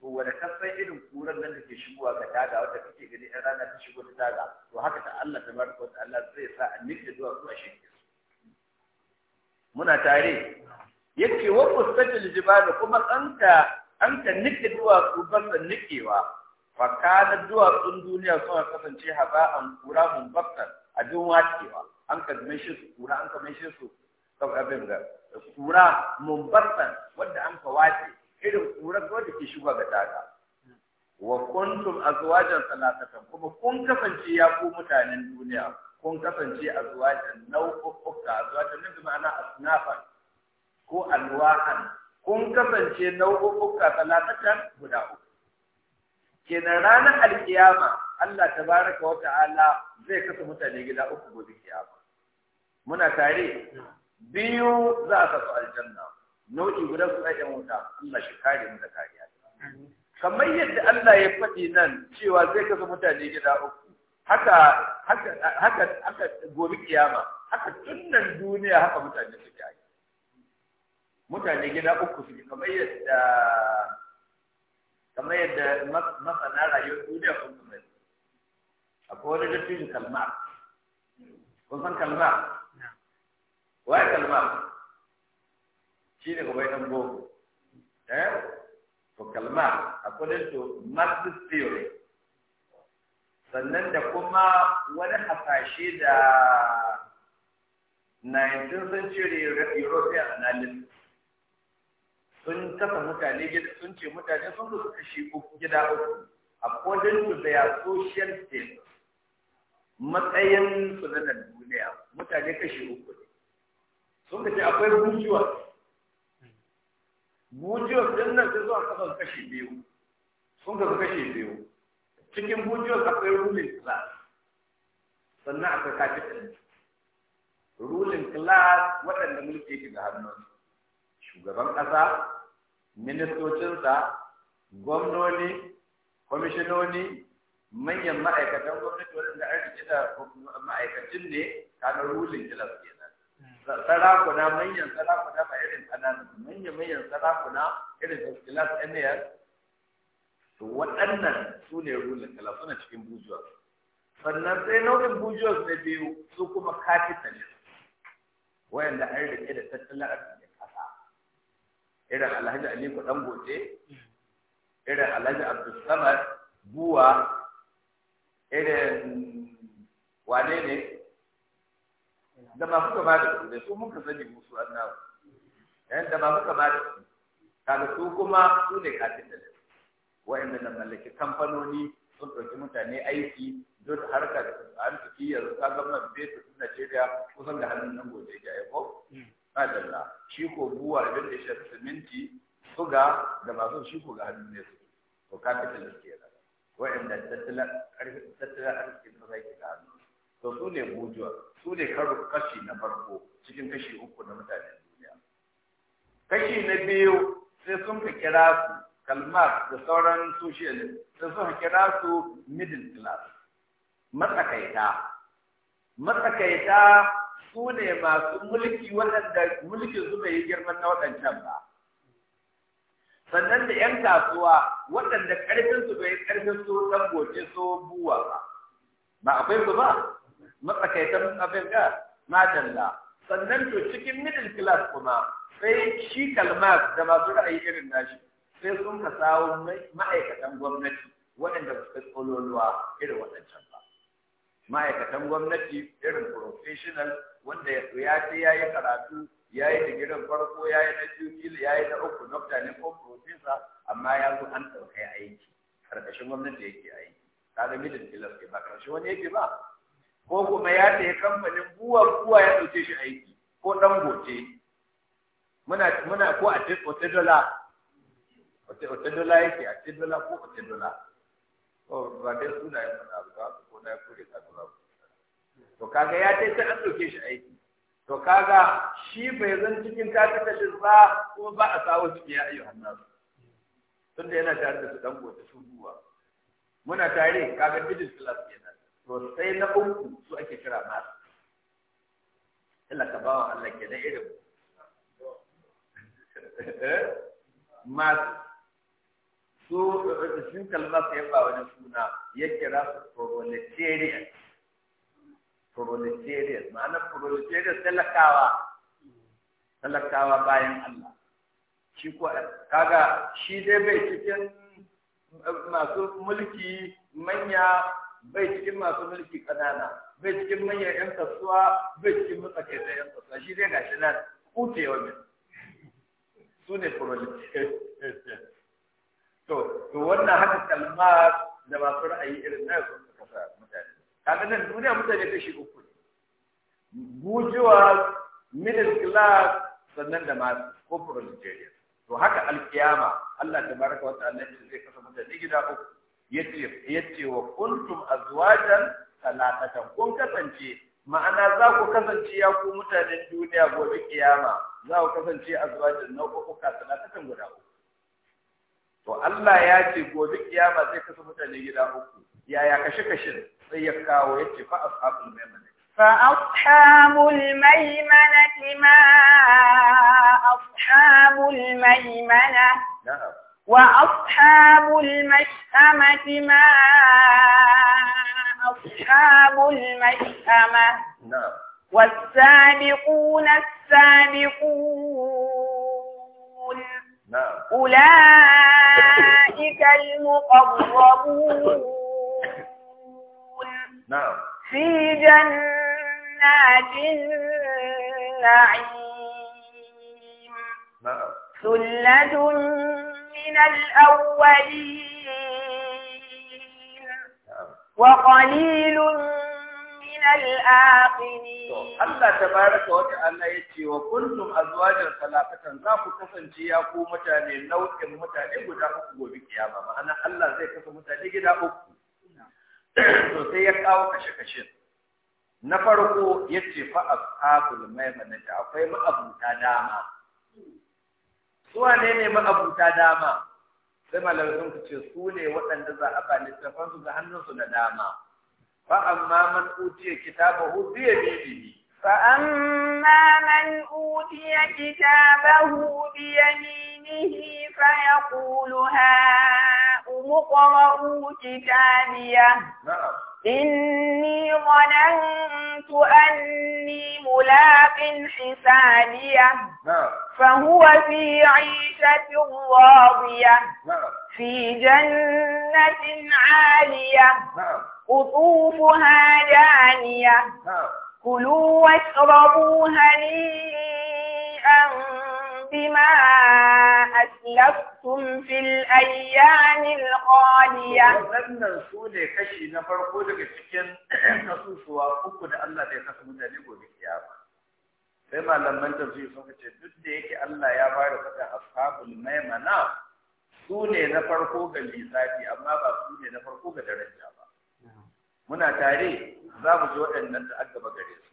to wanda ka san irin kuran nan da ke shigowa ga tada wanda kake gani in rana ta shigo ta tada? to haka ta Allah tabaraka wa ta'ala zai sa annabi da zuwa zuwa shi muna tare yake wa kusatul jibal kuma an ka an ka nike duwatsu ban nikewa fakana duwatsun duniya suna kasance an kura mun a abin wacewa an ka shi su kura an ka shi su abin ga kura mun bakkar wanda an ka wace irin kura wanda ke shiga ga daga. wa kuntum azwajan salatatan kuma kun kasance ya ku mutanen duniya kun kasance azwajan nau'uka azwajan nan ma'ana asnafan ko alwahan kun kasance nau'uka salatatan guda uku kenan ranar alkiyama Allah baraka wa ta'ala zai kasa mutane gida uku gobe kiyama muna tare biyu za ka kasu aljanna nau'i guda su ɗaya wuta Allah shi kare mu da kariya kamar yadda Allah ya faɗi nan cewa zai kasa mutane gida uku haka haka haka haka gobe kiyama haka tunan duniya haka mutane suke mutane gida uku suke kamar yadda kamar yadda masana rayuwar duniya kun kuma akwai wani dattin kalma kun san kalma waye kalma shi ne kuma ɗan boko eh to kalma according to Marxist theory sannan da kuma wani hasashe da 19th century European analysis sun kasa mutane gida sun ce mutane sun zo shi uku gida uku according to their social status matsayin su na da duniya mutane kashi uku ne sun ce akwai bujiwa bujiwa din nan sun zo kasan kashi biyu sun kasu kashi biyu cikin bujiwa akwai ruling class sannan akwai kafin ruling class waɗanda mulki ke da hannunsu shugaban ƙasa ministocinsa gwamnoni kwamishinoni manyan ma'aikatan gwamnati waɗanda an rike da ma'aikacin ne kanar rulin kilas kenan hmm. sarakuna manyan sarakuna ba irin ƙananan manyan manyan sarakuna irin da ɗan ɗaniyar to waɗannan su ne rulin su suna cikin bujuwa sannan sai nau'in bujuwa na biyu su kuma kapitalism wayanda an rike da tattalin arziki irin alhaji aliko dangote irin alhaji abdulsamad buwa irin wane ne da ba muka ba da su da su muka sani musu annabi yan da ba muka ba da su kaga su kuma su ne kafin da wa'anda da mallaki kamfanoni sun ɗauki mutane aiki don harka da arziki yanzu ka gama bai su Najeriya kusan da hannun nan gobe ya yi ko? Hmm. Madalla. shi ko buwa abin da shi siminti suga da masu shi ko ga hannun ne su to capitalist ke nan wa'anda tattalin arzikin ta zai ga hannu to su ne bujuwa su ne karo kashi na farko cikin kashi uku na mutanen duniya kashi na biyu sai sun ka kira su kalmar da sauran socialist sai sun ka kira su middle class matsakaita matsakaita su ne masu mulki waɗanda mulkin su bai yi girman na waɗancan ba sannan da 'yan kasuwa waɗanda ƙarfinsu bai ƙarfin su goce su buwa ba ba akwai su ba matsakaitan abin ga madalla sannan to cikin middle class kuma sai shi kalmas da masu ra'ayi irin nashi sai sun ka sawo ma'aikatan gwamnati waɗanda kai tsololuwa irin waɗancan ba ma'aikatan gwamnati irin professional wanda ya ce ya yi karatu ya yi digirin farko ya yi na biyu kila ya yi na uku nokta ne ko profesa amma ya zo an ɗaukai aiki karkashin gwamnati yake aiki kaga middle class ke ba karshe wani yake ba ko kuma ya ce kamfanin buwa buwa ya ɗauke shi aiki ko ɗan goce muna muna ko a ce ote dola yake a dola ko ko ba dai suna yin wani abu ba ko na kure ka ba to kaga ya ce sai an ɗauke shi aiki to kaga shi bai zan cikin tafi ta shi ba kuma ba a sawo cikin ya ayyuhan nasu tunda yana tare da su dan gobe su duwa muna tare kaga bidin class kenan to sai na uku su ake kira masu Allah ka bawa Allah kenan irin eh? masu su sun kalmar sai ba wani suna ya kira su proletariat proletariat ma'ana proletariat talakawa talakawa bayan Allah shi ko kaga shi dai bai cikin masu mulki manya bai cikin masu mulki kanana bai cikin manya yan kasuwa bai cikin da yan kasuwa shi dai gashi nan kutewa ne su ne to to wannan haka kalmar da masu ra'ayi irin na suka kasa mutane kaga nan duniya mutane kashi uku ne bujewa middle class sannan da masu ko proletariat to haka alkiyama Allah tabaraka wa ta'ala ne zai kasa mutane gida uku yace yace wa kuntum azwajan talatatan kun kasance ma'ana za ku kasance ya ku mutanen duniya gobe kiyama za ku kasance azwajan na uku ka talatatan guda uku to Allah ya ce gobe kiyama zai kasa mutane gida uku yaya kashe kashin فأصحاب الميمنة ما أصحاب الميمنة وأصحاب المشأمة ما أصحاب المشأمة نعم والسابقون السابقون أولئك المقربون نعم في جنات النعيم نعم ثلة من الأولين نعم. وقليل من الآخرين الله تبارك وتعالى يتي وكنتم أزواجا ثلاثة ذاك كسنتي يا كو متاني نوع متاني غدا أكو بكيامة معنى الله زي كسو متاني غدا أكو to sai ya kawo kashe kashe na farko ya ce fa ashabul maimanata akwai ma'abuta dama suwa ne ne ma'abuta dama sai malamai sun ce su ne waɗanda za a ba littafan su ga hannunsu na dama fa amma man utiya kitabahu bi yaminihi فأما من أوتي كتابه بيمينه فيقول هذا أم اقرأوا كتابيه نعم إني ظننت أني ملاق حسابيه نعم فهو في عيشة راضية نعم في جنة عالية نعم قطوفها دانية نعم كلوا واشربوا هنيئا بما أسلفتم في الأيام الخالية wannan su ne kashi na farko daga cikin kasusuwa uku da Allah zai kasa mutane gobe kiyama sai malaman tafsir suka ce duk da yake Allah ya fara faɗa ashabul maimana su ne na farko ga lissafi amma ba su ne na farko ga daraja ba muna tare za mu ji waɗannan da aka gare su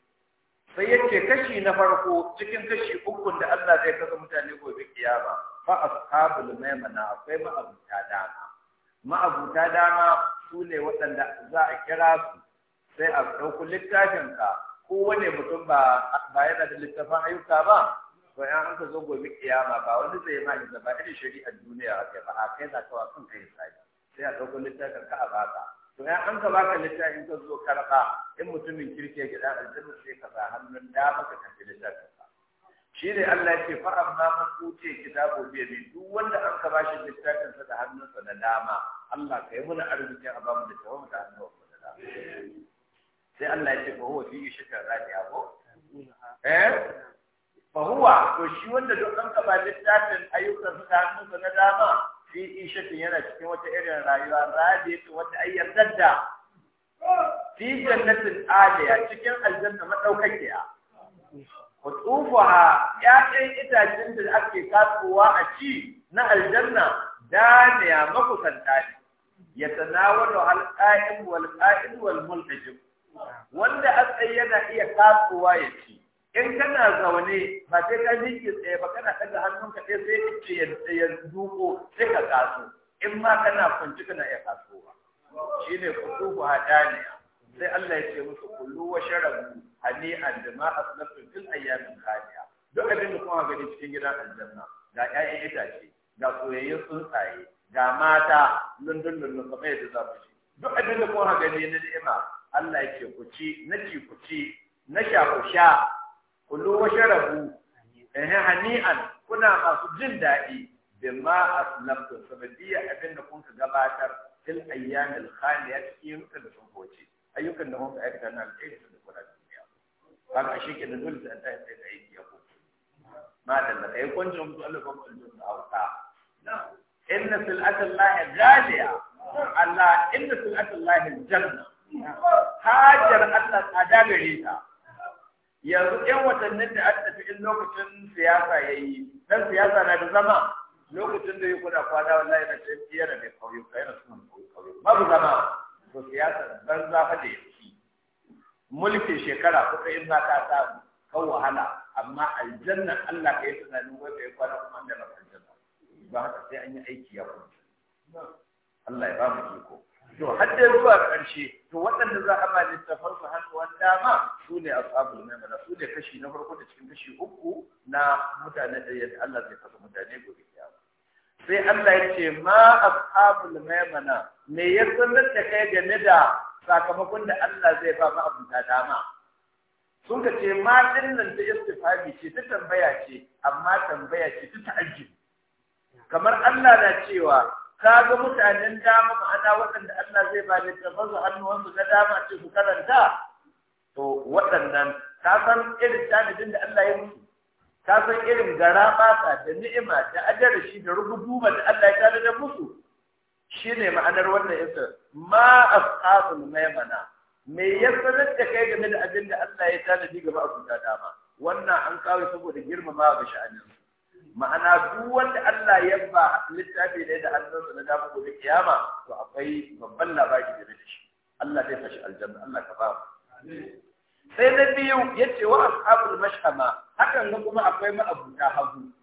sai yake kashi na farko cikin kashi ukun da Allah zai kasa mutane gobe kiyama fa ashabul maimana akwai ma'abuta dama ma'abuta dama su ne waɗanda za a kira su sai a ɗauko littafin ka kowane mutum ba ba yana da littafin ayyuka ba to ya an ka zo gobe kiyama ba wani zai ma da ba irin shari'ar duniya ba kai ba a kai za ka wa kai sai a ɗauko littafin ka a baka to ya an ka baka littafin ka zo karɓa in mutumin kirke gida aljanna sai ka sa hannun dama ka tafi littafin ka shi ne Allah ya ce fa amma man uce kitabu bi yamin duk wanda an ka bashi littafin sa da hannunsa na dama Allah ka yi mana arziki a bamu da tawamu da hannunsa da dama sai Allah ya ce fa huwa fi shakar radiya ko eh fa huwa to shi wanda duk an ka ba littafin ayyukan sa da hannunsa na dama fi ishatin yana cikin wata irin rayuwa ta wata ayyar dadda fi jannatin aliya cikin aljanna madaukakiya qutufuha ya'yan itacen da ake kasuwa a ci na aljanna daniya makusanta ne ya tanawalu al wal qa'id wal multajim wanda asai yana iya kasuwa ya ci in kana zaune ba sai ka miƙe tsaye ba kana kada hannunka ɗaya sai ce ya tsaye duko sai ka kaso in ma kana kwanci kana iya kasuwa shine kutubu hadaniya sai Allah ya ce musu kullu wa sharabu hani'an da ma aslaftum fil ayyamin khaliya duk abin da kuma gani cikin gidan aljanna ga ƴaƴan itace ga soyayyun tsuntsaye ga mata lundun lundun kamar yadda za ku ci duk abin da kuma gani na ni'ima Allah ya ce ku ci na ci ku ci na sha ku sha kullu wa sharabu eh hani'an kuna masu jin daɗi bimma aslamtu sabadiyya abin da kun gabatar fil al khaliyat cikin da sun ayyukan da kun aikata na alheri da kuna duniya kaga shi ke da dole da ta yi aiki ya ko ma da da kai kun ji mutu Allah ko kun da auta inna silatallahi ghaliya Allah inna silatallahi janna hajar Allah ta dagare ta yanzu yan watannin da aka tafi in lokacin siyasa ya yi ɗan siyasa na da zama lokacin da ya kuna kwana wallahi na ce yana da kauyuka yana suna kauyuka babu zama to siyasa dan zafa da yanki. mulkin shekara kuka in za ka sa kan wahala amma aljanna Allah ka yi tunanin wai ka yi kwana kuma da ba aljanna ba haka sai an yi aiki ya kuma Allah ya ba mu iko to har dai zuwa ƙarshe to waɗanda za a ba littafan su dama su ne ashabul maimuna su ne kashi na farko da cikin kashi uku na mutane da yadda Allah zai fasa mutane gobe kiyama sai Allah ya ce ma ashabul mana, me ya san da kai game da sakamakon da Allah zai ba ma abunta dama sun ka ce ma din nan ta istifami ce ta tambaya ce amma tambaya ce ta ta'ajjub kamar Allah na cewa Ka ga mutanen dama ma'ana waɗanda Allah zai ba littafin su hannuwansu na dama ce su karanta to waɗannan ka san irin tanadin da Allah ya musu ka san irin gara basa da ni'ima da ajarashi da ruguduma da Allah ya tanadar musu shine ma'anar wannan yasa ma ashabul maimana me ya sanar da kai game da abin da Allah ya tanadi gaba a dama wannan an kawo saboda girmama ga sha'anin ma'ana duk wanda Allah ya ba littafi ne da hannunsa na dama gobe kiyama to akwai babban labari da shi Allah zai fashi aljanna Allah ka ba sai na biyu yace wa ashabul mashama hakan ga kuma akwai ma'abuta hagu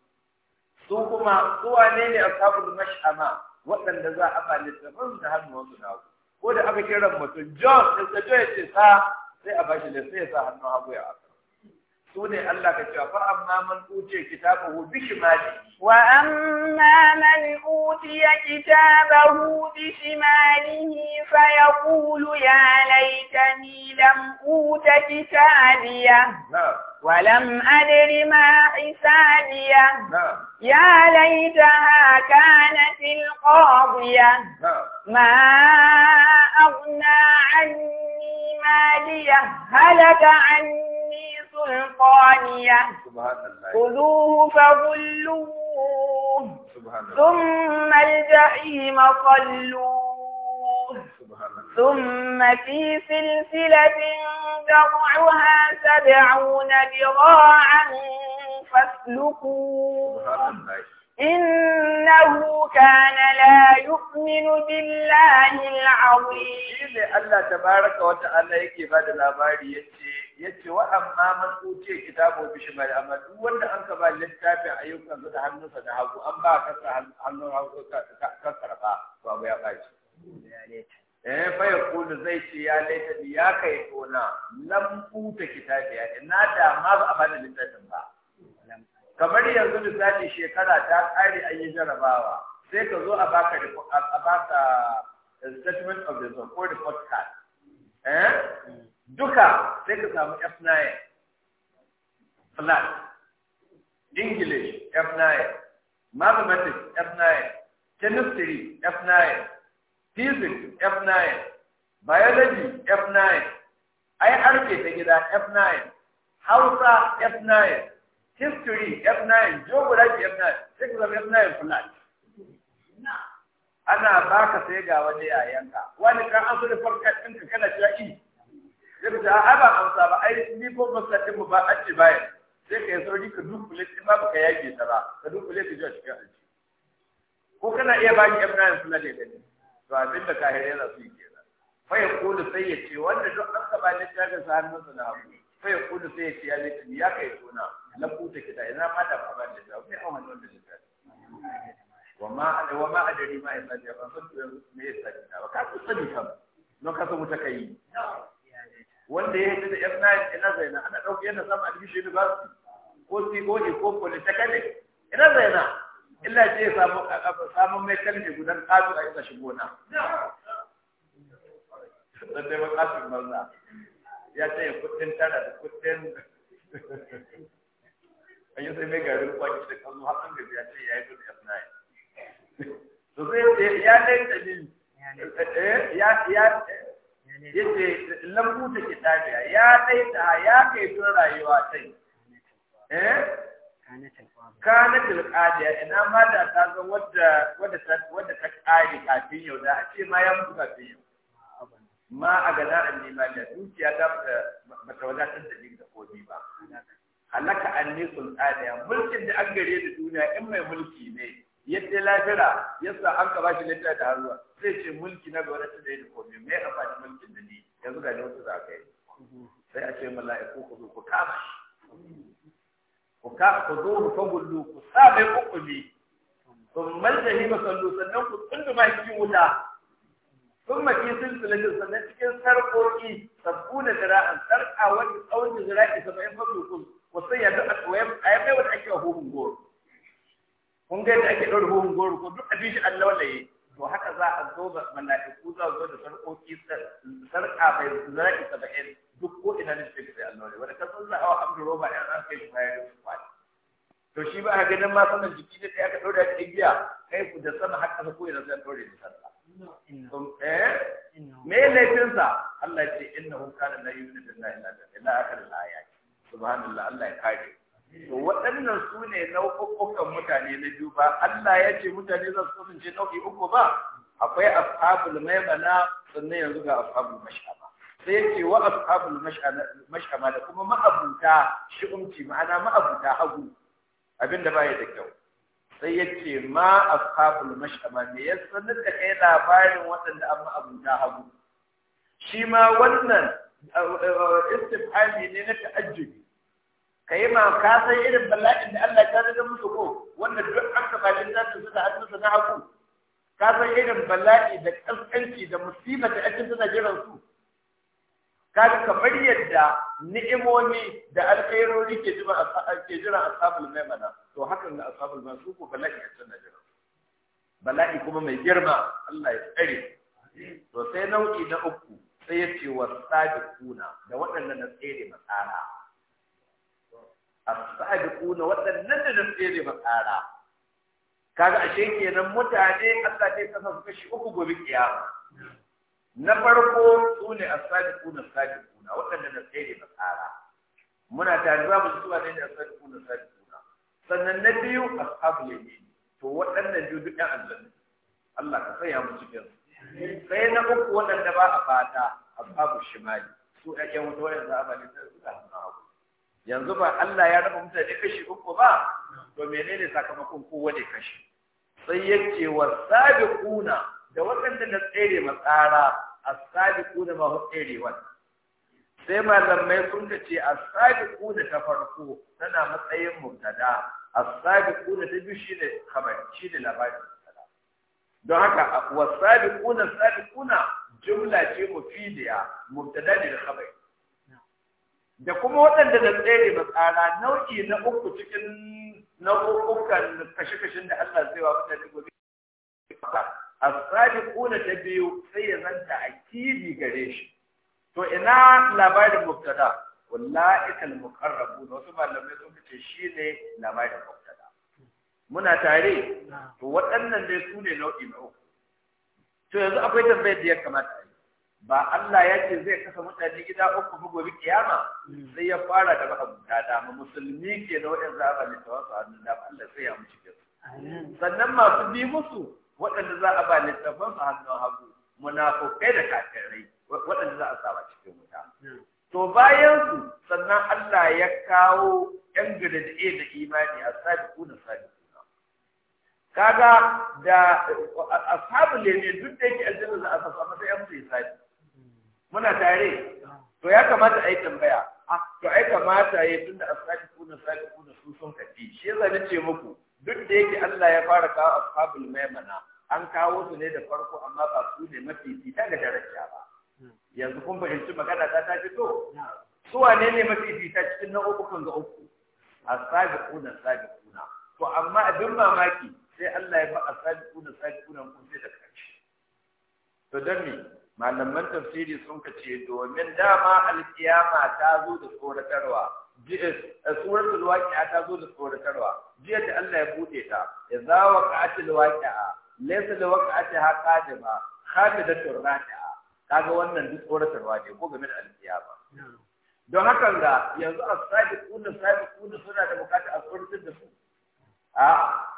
su kuma su wane ne ashabul mashama waɗanda za a ba littafin da hannunsu na hagu ko da aka kiran mutum John da John ya ce sa sai a bashi da sai ya sa hannun hagu ya aka sune Allah ka cewa fa amma man uce kitabahu bi shimali wa amma man utiya kitabahu bi shimalihi fa yaqulu ya laitani lam uta kitabiya ولم أدر ما حسابية يا ليتها كانت القاضية ما أغنى عني مالية هلك عني سلطانية خذوه فغلوه ثم الجحيم صلوه ثم في سلسلة ذرعها سبعون ذراعا فاسلكوه إنه كان لا يؤمن بالله العظيم. الله تبارك وتعالى يكفى الأمر يتشي yace wa amma man utiya kitabu bi shimali amma duk wanda an ka ba littafin ayyukan da hannunsa da hagu an ba ka hannun hagu ka karba to ya baci eh fa yaqulu zai ce ya laita bi ya kai tona lam uta kitabi ya na da ma ba a bada littafin ba kamar yanzu misali shekara ta kare an yi jarabawa sai ka zo a baka a baka eh, statement of the report card." eh duka sai ka samu F9 flat English F9 Mathematics F9 Chemistry F9 Physics F9 Biology F9 ai IRK ta gida F9 Hausa F9 History F9 Geography F9 sai ka samu F9 flat ana baka sai ga wani yayanka wani kan asali farka ɗinka kana cewa i sai ka ce a ba hausa ba ai ni ko ba mu ba an ce baya sai ka yi sauri ka dukkule in ba ka yage ta ba ka dukkule ka ji a cikin hanci ko kana iya ba ki Ibrahim kula da gani to abin da kahire yana su yi kenan fa ya kulu sai ya ce wanda duk an ka ba ni shagar sa hannun sa na hagu fa ya kulu sai ya ce ya lati ya kai tona la kuta kita ina ma da ba da ba sai amma wannan da ta wa ma wa ma ya ma ya sani ba san me ya sani ba ka ku sani kam don ka san wuta kai wanda ya yi da f9 ina zaina ana ɗauke yana samun admission university ko coe ko polytechnic ina zaina illa ce ya samu samun mai kalmi gudan ƙato a isa shigo na da dai ba banza ya ce ya kuɗin tara da kuɗin an yi sai mai garin kwanci da kallo hakan gaji ya ce ya yi da f9 to sai ya dai dalili eh, ya ya yake lambu ta kitabiya ya dai ta ya kai sun rayuwa sai eh kanatul qadiya ina mata da ta san wadda ta kare kafin yau da a ce ma ya mutu kafin yau ma a gana an nema da dukiya ta ba wadatar da ni da kodi ba halaka an ne sultaniya mulkin da an gare da duniya in mai mulki ne yadda lafira yasa an ka bashi lafiya da haruwa sai ce mulki na gwada ta da komai mai ya amfani mulkin da ni yanzu ga wasu za ka yi sai a ce mala'iku ku zo ku kama shi ku ka ku zo ku fagullu ku sa mai kukuli sun maljahi masallu sannan ku tsunduma cikin wuta sun maki silsilatin sannan cikin sarƙoƙi sabbuna zira'an sarƙa wani tsawon zira'i saba'in fagullu ku sai ya ga a yi mai wata ake wa hukun goro kun ga yadda ake ɗaure hohun goro ko duk abin shi Allah yi, to haka za a zo ba mala'iku za zo da sarƙoƙi sarƙa bai zara'i saba'in duk ko ina ne take sai Allah wallaye wanda ka san za a hawa abdu roba ya zan kai shi bayan kwani to shi ba a ganin ma saman jiki ne sai aka ɗaure a biya, kai ku da sama haka ƙasa ko ina zan ɗaure da sarƙa me eh? me laifinsa Allah ya ce na na da yi, yi, na da yu'minu aka da na ya huwa subhanallah Allah ya kare to waɗannan su ne nau'ukan mutane na biyu ba Allah ya ce mutane za su kasance nau'i uku ba akwai ashabul maimana sannan yanzu ga ashabul mashaba sai ce wa ashabul mashama da kuma ma'abuta shi'umci ma'ana ma'abuta hagu abinda baya da kyau sai ya ce ma ashabul mashama ne ya sanar da kai labarin waɗanda an ma'abuta hagu shi ma wannan eh, eh, istifhami ne na ta'ajjubi kai ma ka san irin bala'in da Allah ta rage musu ko wanda duk an ka bajin da su da hannunsa na haku ka san irin bala'i da kaskanci da musibar da ake tana jiran su ga kamar yadda ni'imomi da alkhairori ke jira ke jira ashabul maimana to hakan da ashabul maimana su ko bala'i a tana jiran bala'i kuma mai girma Allah ya tsare to sai nau'i na uku sai ya ce wasabiquna da waɗannan na tsere matsala as-sabiquna waɗannan da nan tsere makara kaga ashe kenan mutane Allah zai kasa su kashi uku gobe kiyama na farko su ne as-sabiquna as-sabiquna waɗanda na tsere makara muna tare za mu ji suwa ne as-sabiquna as-sabiquna sannan na biyu ashabul yamin to waɗannan biyu duk ɗan aljanna Allah ka sanya mu cikin sai na uku waɗanda ba a fata ashabu shimali su ƴaƴan wuta waɗanda za a bani sai su ka hannu yanzu ba Allah ya raba mutane kashi uku ba to menene sakamakon kowane kashi sai yace wa sabiquna da waɗanda na tsere matsara as-sabiquna ma hu wa sai malamai sun ka ce as-sabiquna ta farko tana matsayin mubtada as-sabiquna ta biyu shine khabar shine labari don haka wa sabiquna sabiquna jumla ce mufidiya mubtada ne da khabari da kuma waɗanda da tsere ba tsara nau'i na uku cikin nau'ukan kashe-kashen da Allah zai wa mutane gobe tsari kuna ta biyu sai ya zanta a kibi gare shi to ina labarin muktada wallahi kal da wasu malamai sun ce shine labarin muktada muna tare to waɗannan dai su ne nau'i na uku to yanzu akwai tambayar da ya kamata ba Allah ya ce zai kasa mutane gida uku ba gobe kiyama hmm. sai ya fara da mahabuta dama musulmi ke da waɗanda za a ba littafin su hannun ba. Allah sai ya mutu ke su sannan masu bi musu waɗanda za a ba littafin su hannun hagu munafukai da kafirai waɗanda za a saba cikin wuta hmm. to bayan su sannan Allah ya kawo yan gida da da imani a sabiku na. sabiku kaga da ashabu ne duk da yake aljanna za a sasu a an sai sai muna tare to ya kamata a yi tambaya ah. to ai kamata ya tunda asali kuna sali kuna su sun kaci shi yasa na ce muku duk da yake Allah ya fara kawo ashabul maimana an kawo su ne da farko amma ba su ne mafi fita ga daraja ba hmm. yanzu kun fahimci magana ta ta fito su wane ne mafi fita cikin na uku kan ga uku asabi kuna sabi kuna to amma abin mamaki sai Allah ya ba asabi kuna sabi kuna kun sai da kaci to dan me malaman tafsiri sun ka ce domin dama alkiyama ta zo da tsoratarwa eh, suratul waqi'a ta zo da tsoratarwa jiya da Allah ya bude ta ya da waqa'atil waqi'a laysa li waqa'atiha qadima khamidatur raqi'a kaga wannan duk tsoratarwa ne ko game da alkiyama don hakan ga yanzu as-sabiquna sabiquna suna da bukata a tsoratar da su a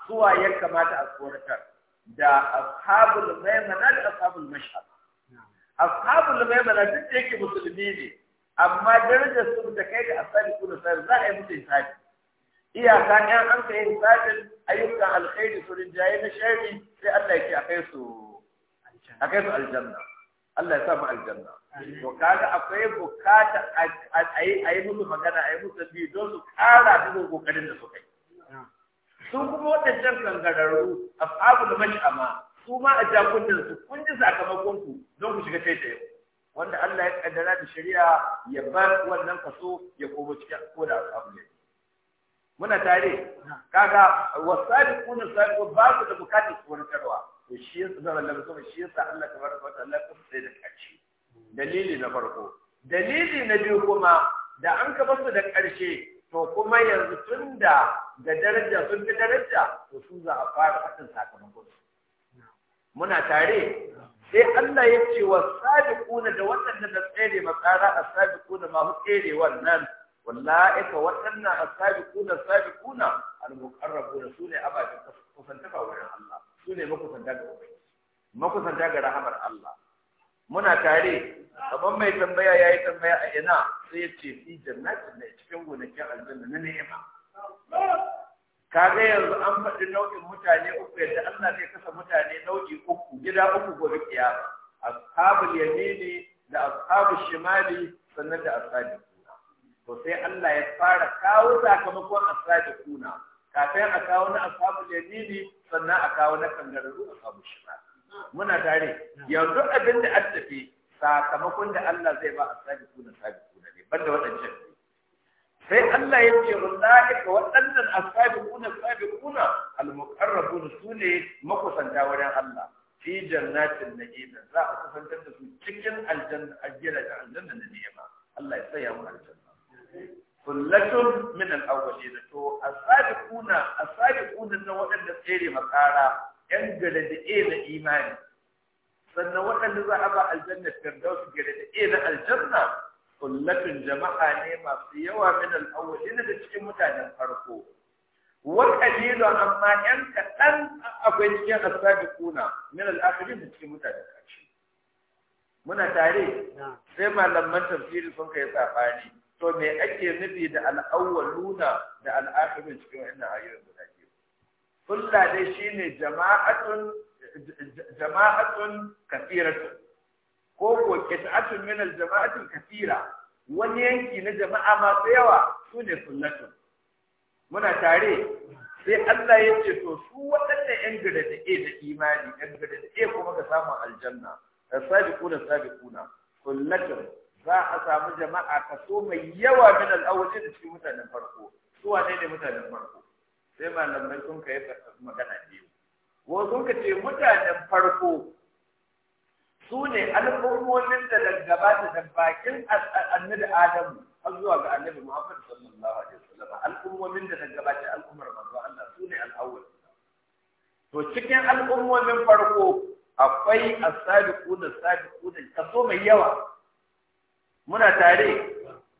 suwa ya kamata a tsoratar da ashabul maimana da ashabul mashhad ashabul maimuna duk da yake musulmi ne amma darajar su ta kai da asali kuna sai za a yi musu hisabi iyaka ne an kai hisabin ayyukan alkhairi su rinjaye na sharri sai Allah yake a kai su a kai su aljanna Allah ya sa mu aljanna to kaga akwai bukata a yi a yi musu magana a yi musu bi don su kara dubo kokarin da su kai. sun kuma waɗancan kangararru ashabul mash'ama su ma a jakunan su kun ji sakamakon ku don ku shiga taitaye wanda Allah ya kaddara da shari'a ya bar wannan kaso ya komo cikin koda abu ne muna tare kaga wasabiquna sabiqu ba ku da bukatar ku wani tarwa to shi yasa da Allah kuma shi yasa Allah tabaraka wa ta'ala kuma sai da kaci dalili na farko dalili na biyu kuma da an ka basu da karshe to kuma yanzu tunda ga daraja sun fi daraja to su za a fara haɗin sakamakon su muna tare sai Allah ya ce wa sabiquna da waɗanda da tsere makara a sabiquna ma hu tsere wannan wallahi ka waɗannan asabiquna sabiquna al sune abadin kusantafa wurin Allah sune makusanta ga ubangiji makusanta ga rahamar Allah muna tare kaman mai tambaya ya yi tambaya a ina sai ya ce fi jannatin ne cikin gonakin aljanna na ni'ima kaga yanzu an faɗi nau'in mutane uku yadda Allah zai kasa mutane nau'i uku gida uku gobe kiyama ashabul yamini da ashabul shimali sannan da ashabul kuna to sai Allah ya fara kawo sakamakon ashabul kuna kafin a kawo na ashabul yamini sannan a kawo na kangararru ashabul shimali muna tare yanzu abin da an tafi sakamakon da Allah zai ba ashabul kuna ashabul kuna ne banda waɗancan sai Allah ya ce ulaika waɗannan asabiquna Al almuqarrabun sune makusanta wurin Allah fi jannatin na'im za a kusantar da su cikin aljanna ajira da aljanna da ni'ima Allah ya tsaya mu aljanna kullatun min al-awwalin to as-sabiquna as-sabiquna na waɗanda tsere makara yan galade na imani sannan waɗanda za a ba aljanna firdaus galade na aljanna kullatun jama'a ne masu yawa min al-awwalin da cikin mutanen farko wa qalilun amma yan kadan akwai cikin as-sabiquna min al da cikin mutanen karshe muna tare sai malaman tafsiri sun kai sabani to me ake nufi da al da al cikin wannan ayoyin guda biyu kullu dai shine jama'atun jama'atun kafiratun ko ko min al kasira wani yanki na jama'a masu yawa su ne sunnatun muna tare sai Allah ya ce to su waɗanda yan gada da imani yan gada da kuma ga samun aljanna as-sabiquna sabiquna sunnatun za a samu jama'a kaso mai yawa min al-awwalin da cikin mutanen farko su wane ne mutanen farko sai malamai sun kai magana biyu Wasu ka ce mutanen farko su ne al'ummomin da daggaba da bakin annabi Adamu har zuwa ga annabi Muhammad sallallahu alaihi wasallam al'ummomin da daggaba da al'ummar manzo Allah su ne al'awwal to cikin al'ummomin farko akwai as-sabiqu da sabiqu da kaso mai yawa muna tare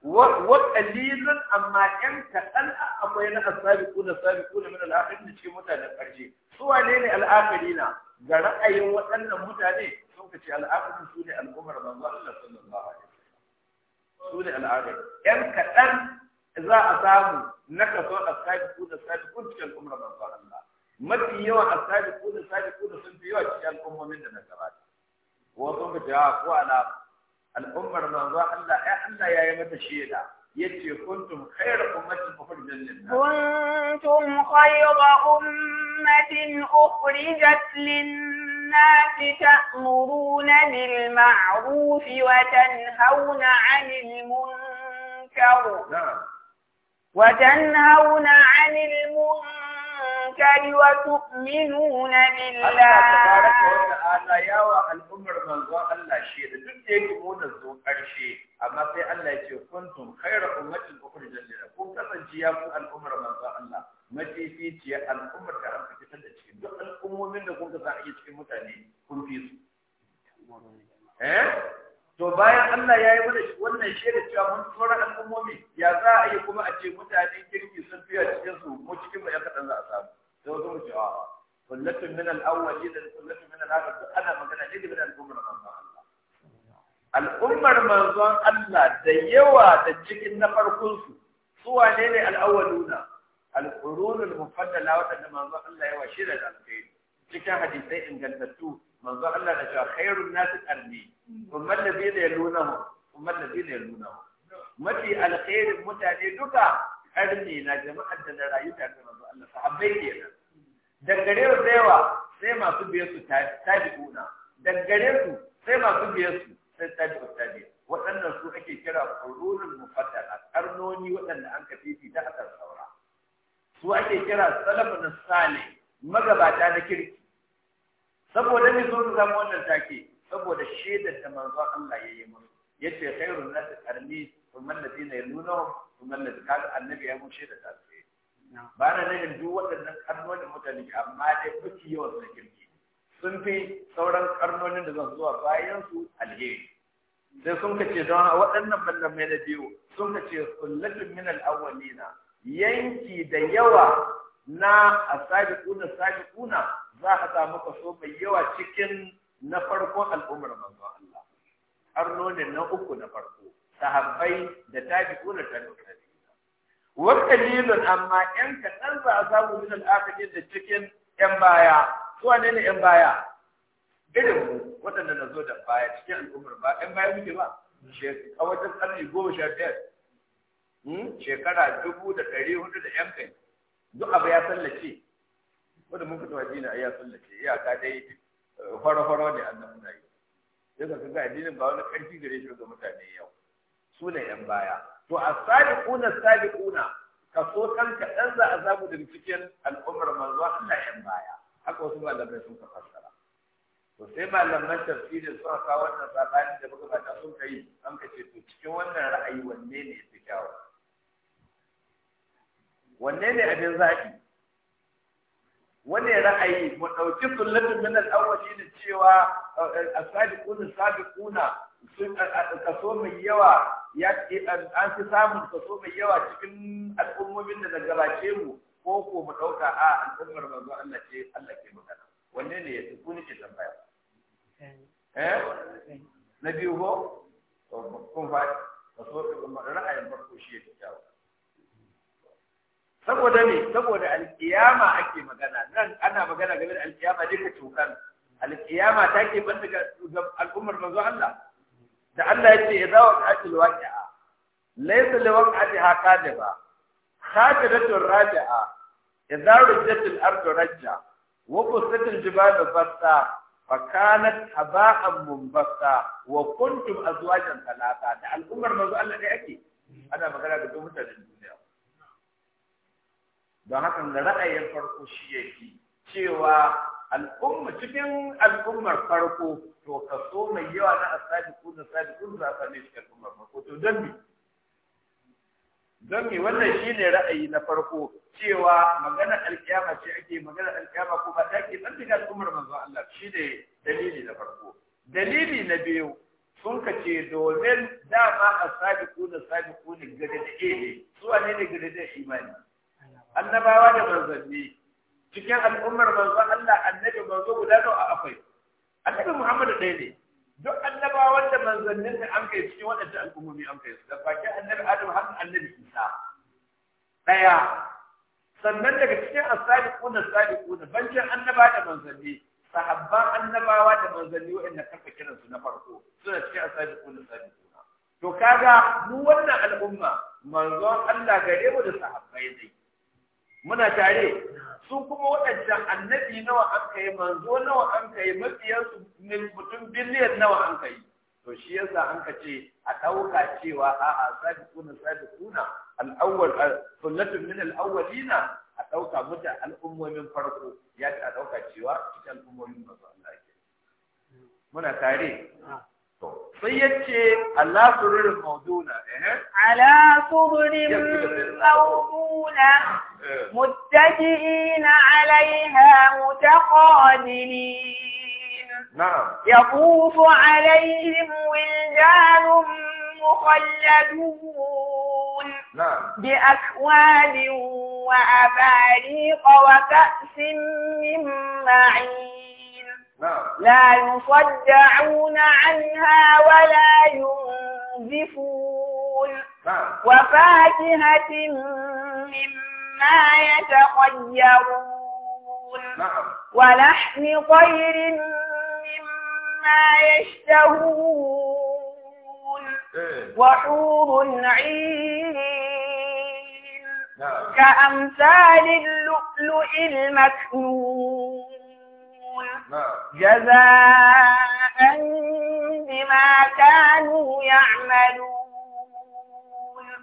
wa qalilun amma in kadan akwai na as-sabiqu da sabiqu min al-akhirin cikin mutanen karshe su wane ne al-akhirina ga ra'ayin waɗannan mutane sun ka ce al'adun su ne al'ummar manzo Allah sallallahu alaihi wasallam su ne al'adun yan kaɗan za a samu na kaso asabiqu da sabiqun cikin al'ummar manzo Allah mafi yawan asabiqu da sabiqu da sun fi yawa cikin al'ummomin da na gabata ko sun ka ce ko ana al'ummar manzo Allah ai Allah ya yi mata shaida yace kuntum khayra ummatin ukhrijat lin-nas kuntum khayra ummatin ukhrijat lin الناس تأمرون بالمعروف وتنهون عن المنكر نعم. وتنهون عن المنكر المنكر وتؤمنون بالله تبارك وتعالى يا الأمر من الله شيء duk da yake mun zo karshe amma sai Allah ya ce kuntum khayra ummatin ukhrijat lil kun kasance ya ku al'ummar manzo Allah mafificiya al'ummar da an fitar da cikin duk al'ummomin da kun za a a cikin mutane to bayan Allah ya yi mana wannan shaida cewa mun tsora al'ummomi ya za a yi kuma a ce mutane kirki sun fiya cikin su mu cikin bayan ya kaɗan za a samu sai wasu mu ce a min al-awwali da kullatun min al-akhir ana magana ne da al'ummar manzon Allah al'ummar manzon Allah da yawa da cikin na farkon su su wane ne al-awwaluna al-qurunul mufaddala wa da manzon Allah yawa shaida da alkhairi cikin hadisai ingantattu manzo Allah na cewa khairun nas qarni kuma allazina yalunahu kuma allazina yalunahu mafi alkhairin mutane duka karni na jama'ar da na rayu tare da manzo Allah sahabbai kenan dangare su yawa sai masu biye su tabi'una dangare su sai masu biye su sai tabi'u tabi'u waɗannan su ake kira qurunul mufaddala karnoni waɗanda an kafifi ta akan saura su ake kira salafun salih magabata na kirki saboda ni sun zama wannan take saboda shaidar da manzo Allah ya yi musu yace khairun nas qarni thumma alladhina yalunhum thumma alladhina kaga annabi ya mun shedar ta sai ba na nan duk waɗannan da mutane amma dai kuci yawan da kirki sun fi sauran karnonin da zan zuwa bayan su alheri sai sun kace don waɗannan mallamai da biyu sun kace kullatun min al-awwalina yanki da yawa na asabiquna sabiquna za a samu kaso mai yawa cikin na farkon al'ummar manzo Allah har nonin na uku na farko sahabbai da kuna ta nuna wa kalilun amma yan kaɗan za a samu min al'akhirin da cikin yan baya su wane ne yan baya irin mu waɗanda na zo da baya cikin al'ummar ba yan baya muke ba a wajen ƙarni goma sha biyar hmm? shekara dubu da ɗari hudu da yan kai duk abu ya tallace wanda mun fito addini ai ya sallace iyaka dai faro-faro eh, ne annabi na yi sai ka ga addinin ba wani karfi gare shi ga mutane yau su ne yan baya to a sabiquna as ka kaso kan kaɗan za a samu da cikin al'ummar manzo Allah yan baya haka wasu malamai sun ka fassara to sai malaman tafsirin suka kawo wannan sabani da muka bata sun kai an ka ce to cikin wannan ra'ayi wanne ne ya fi kyawu wanne ne abin zaɓi wani ra'ayi mu ɗauki sunnatun min al-awwalin cewa eh, eh, as-sabiquna sabiquna sun eh, kaso mai yawa ya an fi samun kaso mai yawa cikin al'ummomin da gabace mu ko ko mu ɗauka a al'ummar manzo Allah ce Allah ke magana wanne ne ya tuku ne ke tambaya eh na biyu ko kun fa kaso ra'ayin farko shi ya tawo saboda ne saboda alkiyama ake magana nan ana magana game da alkiyama duka tukar alkiyama ta ke banda ga al'ummar manzo Allah da Allah ya ce idza waqa'atil waqi'a laysa liwaqa'atiha kadiba khatiratun raja'a idza rujatil ardu rajja wa qusatil jibalu basta fa kanat haba'an munbasta wa kuntum azwajan thalatha da al'ummar manzo Allah ne ake ana magana ga mutanen duniya don haka da ra'ayin farko shi yake cewa al'umma cikin al'ummar farko to kaso mai yawa na asali ko na da ko za ka ne cikin al'ummar farko to don mi, don mi wannan shi ne ra'ayi na farko cewa magana alkiyama ce ake magana alkiyama ko ba ta ke ɗan daga al'ummar manzo Allah ne dalili na farko dalili na biyu sun ka ce domin dama asabiqun da sabiqun gadade ne su ne da imani annabawa da manzanni cikin al'ummar manzon Allah annabi manzo guda nawa akwai annabi Muhammadu ɗaya ne duk annabawan da manzannin da an kai cikin waɗannan al'ummomi an kai su da bakin annabi Adam har annabi Isa ɗaya sannan daga cikin as-sadiqun as-sadiqun bancin annaba da manzanni sahabban annabawa da manzanni waɗanda kafa kiran su na farko suna cikin as-sadiqun as-sadiqun to kaga mu wannan al'umma manzon Allah gare mu da sahabbai ne muna tare su kuma waɗancan annabi nawa an kai manzo nawa an kai mabiyansu mutum biliyan nawa an kai to shi yasa an ka ce a ɗauka cewa a'a sabiquna sabiquna al-awwal sunnatun min al-awwalina a ɗauka mutu al'ummomin farko ya ta ɗauka cewa cikin al'ummomin masu Allah ke muna tare على سرر موضونة على سرر موضونة متجئين عليها متقادلين نعم يطوف عليهم ولدان مخلدون نعم بأكواب وأباريق وكأس من معين نعم. لا يصدعون عنها ولا ينزفون نعم. وفاكهة مما يتخيرون نعم. ولحم طير مما يشتهون إيه. وحور عين كأمثال اللؤلؤ المكنون نعم. جزاء بما كانوا يعملون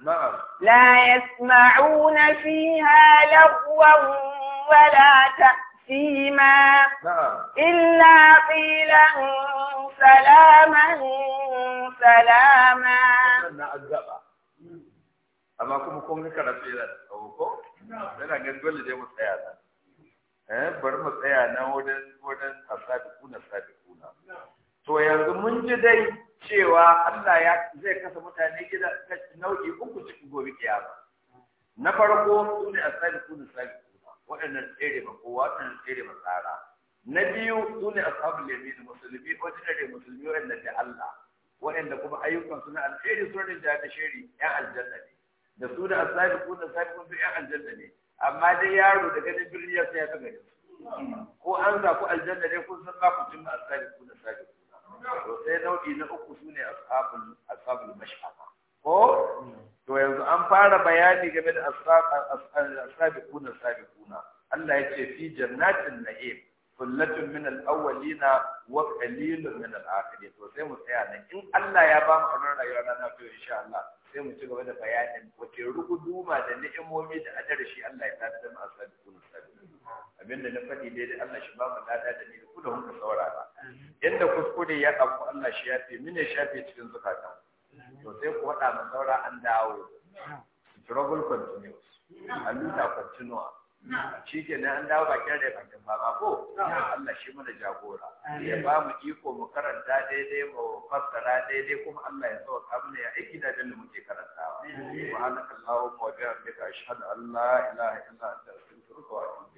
نعم. لا يسمعون فيها لغوا ولا تأثيما نعم. إلا قيلا سلاما سلاما أما كم كم نكرا فيلا أوكو؟ نعم. أنا قلت لي دي مستعادة. Eh, bari mu tsaya na wajen wajen asabiquna kuna. to yanzu mun ji dai cewa Allah ya zai kasa mutane gida nau'i uku cikin gobe kiyama na farko kuna asabiquna kuna waɗannan tsere ba kowa waɗannan tsere ba tsara na biyu sune ashabul yamin musulmi wajen da musulmi waɗanda da Allah waɗanda kuma ayyukan suna alheri sun ne da shiri ‘yan aljanna ne da su da asabiquna sabiquna ƴan aljanna ne amma dai yaro da ganin birni ya sai ta gari ko an za ku aljanna dai kun san ba ku cin asali ku da sadi to sai nau'i na uku su ne ashabul ashabul mash'aba ko to yanzu an fara bayani game da ashabiquna sabiquna Allah ya ce fi jannatin na'im kullatun min al-awwalina wa qalilun min al-akhirin to sai mu tsaya nan in Allah ya ba mu aron rayuwa na na to insha Allah sai mu ci gaba da bayanin wace ruguduma da ni'imomi da adarashi Allah ya tada da kuma asabun abinda na faɗi dai da Allah shi ba mu lada da ni ku da hunka saurara inda kuskure ya ɗauko Allah shi ya fi mine shafe cikin zukatan to sai ku waɗa mu saura an dawo struggle continues a luta continua shi ke da an dawo bakin da bakin baba ko Allah shi mana jagora ya ba mu iko mu karanta daidai mu fassara daidai kuma Allah ya sauka mana ya aiki da da muke karantawa subhanakallahumma wa bihamdika ashhadu an la ilaha illa anta astaghfiruka wa atubu